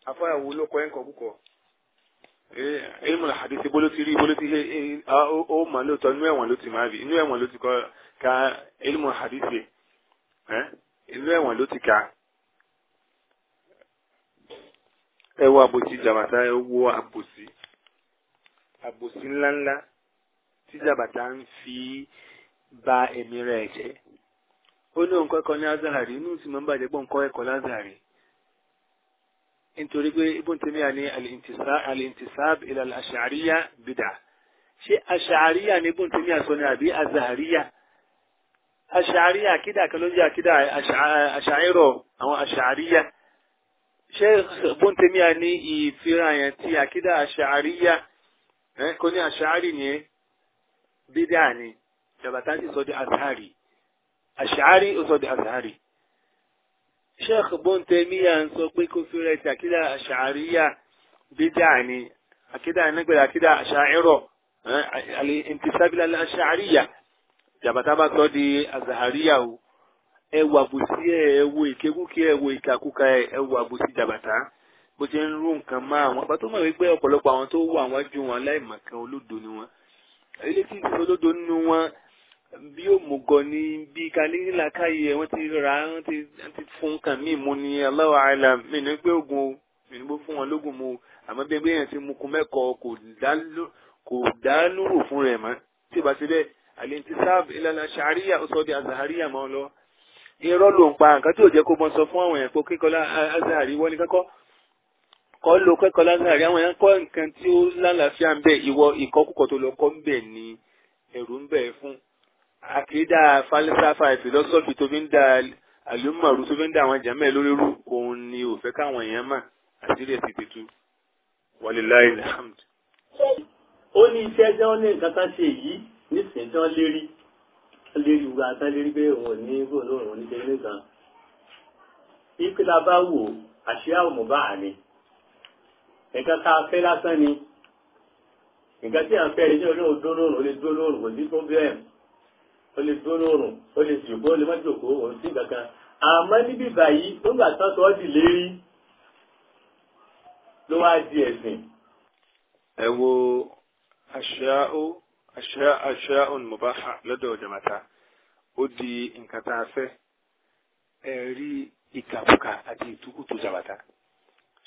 afáyà wo ló kọ ẹ̀ ń kọ púpọ̀. ilmu hadisi bolo ti rí bolo ti ó mà lóòótọ́ inú ẹ̀wọ̀n ló ti máa rí inú ẹ̀wọ̀n ló ti kọ́ ka ilmu hadisi inú ẹ̀wọ̀n ló ti ka. ẹ wo àbòsí jàbàtà ẹ wo ńláńlá tí jàbàtà ń fi ba ẹ̀mí rẹ̀ jẹ́ ó ní òǹkọ́ ẹ̀kọ́ ní azahari inú sì máa ń bàjẹ́ pọ̀ òǹkọ́ ẹ̀kọ́ lázàrí nítorí pé Ibn Taymiyyah ní al-intisab ila al-ash'ariyya bid'ah ṣé ash'ariyya ní Ibn Taymiyyah sọ ní àbí azhariyya ash'ariyya àkídà kan ló jẹ́ àkídà ash'airọ̀ àwọn ash'ariyya ṣé Ibn Taymiyyah ní ìfira yẹn ti àkídà ash'ariyya kò ní ash'ari ní bid'ah ni jàbátá sì sọ di azhari ash'ari ó sọ di azhari sheikh bontemiya ń sọ pé kó fi rẹ̀ ti àkídà àṣàríyà bídà ni àkídà nígbẹ̀rẹ̀ àkídà àṣàírọ̀ àlìntìsábílà àṣàríyà jàbàtà bá sọ di àzàríyà o ẹ wà bùsí ẹ ẹ wo ìkékúkẹ ẹ wo ìkàkúkà ẹ ẹ wà bùsí jàbàtà bó ti ń rú nǹkan mọ́ àwọn àbá tó mọ̀ wípé ọ̀pọ̀lọpọ̀ àwọn tó wà wọ́n ju wọn láìmọ̀kan olódo ni wọn eléyìí ti sọ olódo nínú wọn bí ó mú gọ ní bí kalẹ́ nílà káyé wọ́n ti ra wọ́n ti fún kan mí mú ní aláwọ̀ àìlà mí ní pé oògùn o mí ní pé fún wọn lóògùn mu àmọ́ bí ẹgbẹ́ yẹn ti mú kun mẹ́kọ̀ọ́ kò dá lóòrò fún rẹ̀ mọ́ tí ìbá ṣe bẹ́ẹ̀ àlèntì sáàbù ìlànà ṣàríyà ó sọ di azahariya mọ́ lọ. irọ́ ló ń pa nǹkan tí ò jẹ́ kó mọ sọ fún àwọn ẹ̀kọ́ kíkọ́lá azahari wọ́n ní kọ́kọ́ kọ́ ló kẹ́kọ̀ọ́ azahari àwọn yẹn nǹkan tí ó lálàáfíà ń bẹ̀ ìwọ ìkọ́kùkọ̀ tó lọ kọ́ ń bẹ̀ ni ẹ̀rù ń bẹ̀ fún àkídà falisafa ìfìlọ́sọ́fì tó fi ń da àlùmọ̀rú tó fi ń da àwọn jàmẹ́ lórí rú òun ni ò fẹ́ káwọn èèyàn mà àṣírí ẹ̀ ti tètú wàlíláì alhamd. ó ní iṣẹ́ tí wọ́n ní nǹkan kan ṣe yìí nísìnyí tí wọ́n lérí lérí wúra tán lérí pé òun ò ní bò lóòrùn oníṣẹ́ nìkan. ìpìlá bá wò àṣírí àwọn mọ̀bá àní nǹkan tá a fẹ́ lásán ni nǹkan tí à ń fẹ́ ó lè dúró lóòrùn ó lè jòkó ó lè má jòkó òun sí kankan àmọ́ níbí báyìí nígbà tó sọ ọ́ dì lérí ló wá di ẹ̀sìn. ẹ wo aṣááó aṣááó mubaha lọ́dọ̀ jamata ó di nǹkan tá a fẹ́ ẹ rí ìkàkùkà àti ìtukùtù jamata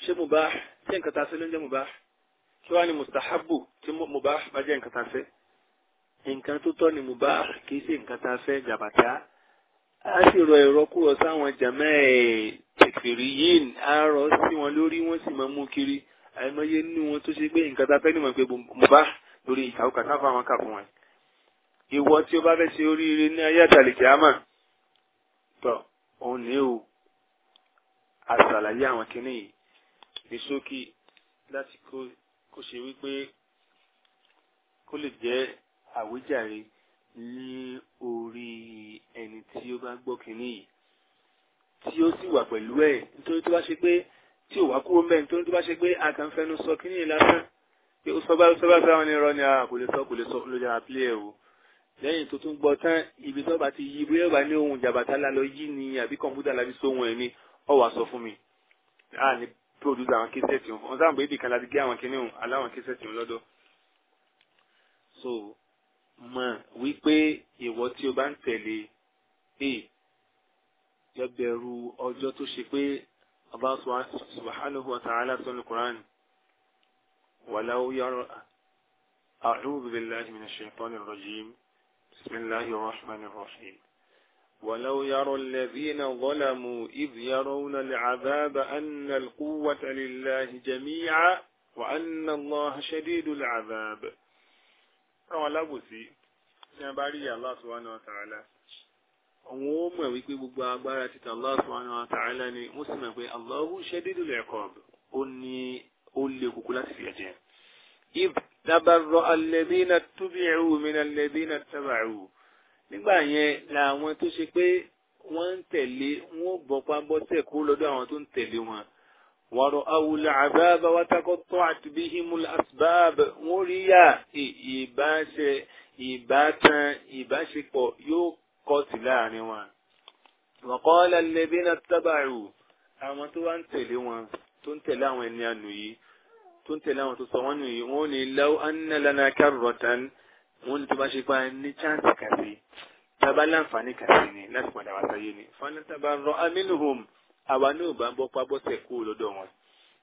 ṣé mubah ṣé nǹkan tá a fẹ́ ló ń jẹ́ mubah kí wàá ní mustahabu tí mubah bá jẹ́ nǹkan tá a fẹ́ nǹkan tó tọ́ ni mubah kì í ṣe nǹkan tá a fẹ́ jàbàtà a sì rọ ẹ̀rọ kúrò sáwọn jàmẹ́ ẹ̀ tẹ̀fẹ̀rí yìí á rọ sí wọn lórí wọ́n sì máa mú kiri àìmọye nínú wọn tó ṣe pé nǹkan tá a fẹ́ nímọ̀ pé mubah lórí àwòkà tá a fà wọn kà fún wọn. ìwọ tí o bá fẹ́ ṣe oríire ní ayé àtàlẹ̀ kìámà tọ̀ òun ní o àṣàlàyé àwọn kinní yìí ní ṣókí láti kó ṣe wípé kó lè jẹ́ àwíjàre ní orí ẹni tí ó bá gbọ́ kínní yìí tí ó sì wà pẹ̀lú ẹ̀ nítorí tó bá ṣe pé tí ò wá kúrò mbẹ́ nítorí tó bá ṣe pé a kàn fẹnu sọ kínní yìí lásán pé ó sọ bá sọ bá sáwọn irọ́ ni kò lè sọ kò lè sọ ló yára pílẹ̀ o lẹ́yìn tó tún gbọ́ tán ibi tó bá ti yí bóyá bá ní ohun jàbàtà lálọ yí ni àbí kọ̀ǹpútà lábí sóhun ẹ̀ ni ọ̀ wá sọ fún mi a ní produce àwọn kẹsẹ̀tì wọn sáà pé ibì kan láti gé àwọn kìnìún aláwọn kẹsẹ̀tì wọn lọ́dọ̀ so mọ̀ wípé ìwọ tí o bá ń tẹ̀lé e lọ́bẹ̀rù ọjọ́ tó ṣe pé ọba subhanahu wa ta'ala sọ́nù Qur'an walau yara a'udhu billahi minash shaitanir rajim bismillahir rahmanir rahim ولو يرى الذين ظلموا إذ يرون العذاب أن القوة لله جميعا وأن الله شديد العذاب táwọn alábòsí tí wọ́n bá rí Allah subhanahu wa ta'ala àwọn ó mọ̀ wípé gbogbo agbára títà Allah subhanahu wa ta'ala ni wọ́n sì mọ̀ pé Allahu shadidul iqab ó ní ó lè kúkú láti fi ẹ̀jẹ̀. ib dabarọ alladhina tubi'u min alladhina taba'u nígbà yẹn làwọn tó ṣe pé wọ́n ń tẹ̀lé wọ́n bọ̀ pa bọ́sẹ̀ kó lọ́dọ̀ àwọn tó ń tẹ̀lé wọn. ورأوا العذاب وتقطعت بهم الأسباب wọ́n rí yà ìbáṣe ìbátan ìbáṣepọ̀ yóò kọ́ sí láàrin wọn. وقال الذين اتبعوا àwọn tó wá ń tẹ̀lé wọn tó ń tẹ̀lé àwọn ẹni ànú yìí tó ń tẹ̀lé àwọn tó sọ wọ́n nù yìí wọ́n ní law anna lana karratan wọ́n ní tó bá ṣe pa ní chance kàṣe tàbá láǹfààní kàṣe ni láti padà wá sáyé ni. fanatabara aminuhum àwa náà bá ń bọ́ pa bọ́sẹ̀ kú lọ́dọ̀ wọn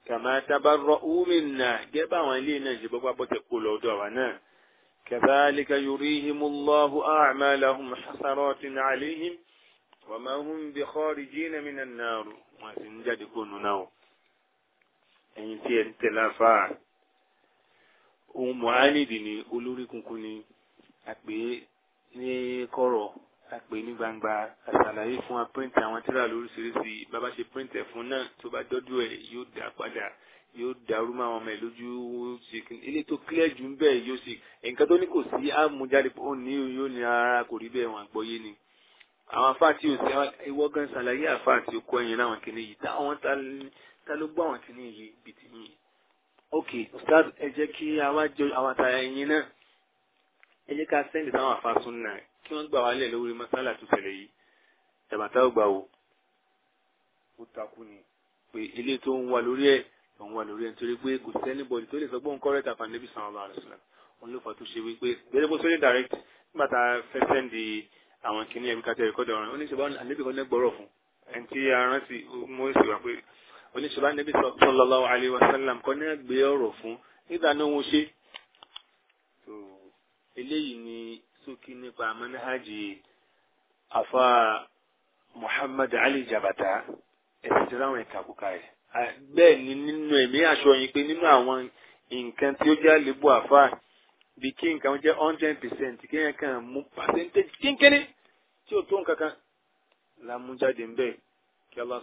kàmá tabarọ umina gẹ́bà àwọn ilé náà ṣe bọ́ pa bọ́sẹ̀ kú lọ́dọ̀ àwa náà kàtàlíkà yorùhìmùláhù àmàlàhùn hasaratin àlehim wàmà hùn bí kọ́ọ̀rì jìnnà mìíràn náà rò wọn sì ń jáde kó nù náà ẹ̀yin tí ẹ ń tẹ̀lé afáà ohun mọ̀ánìdì ni olórí kunkun ni àpè pè ní gbangba àṣàlàyé fún wa print àwọn tíra lóríṣiríṣi bàbá ṣe print ẹ̀ fún náà tó bá dọ́dọ̀ ẹ̀ yóò dá padà yóò dàrú mọ́ àwọn ọmọ ẹ̀ lójú ṣe ilé tó clear jù ń bẹ̀ yóò ṣe nǹkan tó ní kò sí àmújáde ó ní yóò ní ara kò rí bẹ́ẹ̀ wọn àgbọ́yé ni àwọn afá tí o ṣe ìwọ gan ṣàlàyé àfá tí o kọ ẹyin láwọn kìnìún yìí táwọn ta ló gbọ́ àwọn kìnìún yìí bìtì yìí ok ustaz ẹ jẹ́ kí àwa jọ àwọn àtàyà ẹyin náà ẹ jẹ́ ká sẹ́ndì sáwọn àfá sún náà kí wọ́n gbà wálẹ̀ lórí masala tó ṣẹlẹ̀ yìí jàbàtà ò gbà wò ó takú ni pé ilé tó ń wà lórí ẹ̀ òun wà lórí ẹ̀ nítorí pé kò sẹ́ni bọ̀dì tó lè sọ pé òun kọ́rẹ́tà fún anábì sallallahu alaihi wasallam òun ló fà tó ṣe wípé gbẹ́dẹ́ bó sọ́lé direct nígbà tá a fẹ́ sẹ́ndì àwọn kìnìún ẹ̀mí kàtẹ́ ìkọ́dọ̀ ọ̀run oníṣẹ́bá anábì kan lẹ́gbọ̀rọ̀ fún ẹni tí a rántí mú èsì wà pé oníṣẹ́bá anábì sallallahu alaihi wasallam kan ní gbé ọ̀rọ̀ fún nígbà náà wọn ṣe eléyìí ni ṣókí nípa manhaji afa Muhammad Ali Jabata ẹ̀sìn tí láwọn ẹ̀ka kúkà ẹ̀ bẹ́ẹ̀ ni nínú ẹ̀mí aṣọ yìí pé nínú àwọn nǹkan tí ó jẹ́ àlébù àfa bí kí nǹkan jẹ́ hundred percent kí yẹn kàn mú percentage kínkínní tí ò tó nǹkan lámújáde ń kí Allah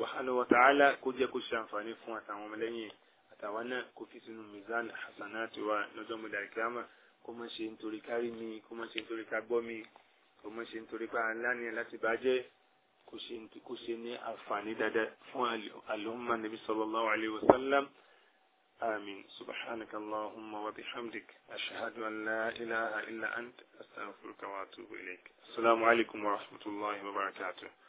subhanahu wa ta'ala kó jẹ́ kó ṣe àǹfààní fún àtàwọn ọmọlẹ́yìn àtàwọn náà kó fi sínú mizan hasanati wa lọ́jọ́ mọ́dà kíámà kó má ṣe nítorí kárí mi kó má ṣe nítorí ká gbọ́ mi kó má ṣe nítorí pé aláàní ẹ̀ láti bàjẹ́ kó ṣe ní àǹfààní dáadáa fún àlùmọ́ nàbí sallallahu alayhi wa sallam آمين سبحانك اللهم وبحمدك أشهد أن لا إله إلا أنت أستغفرك وأتوب إليك السلام عليكم ورحمة الله وبركاته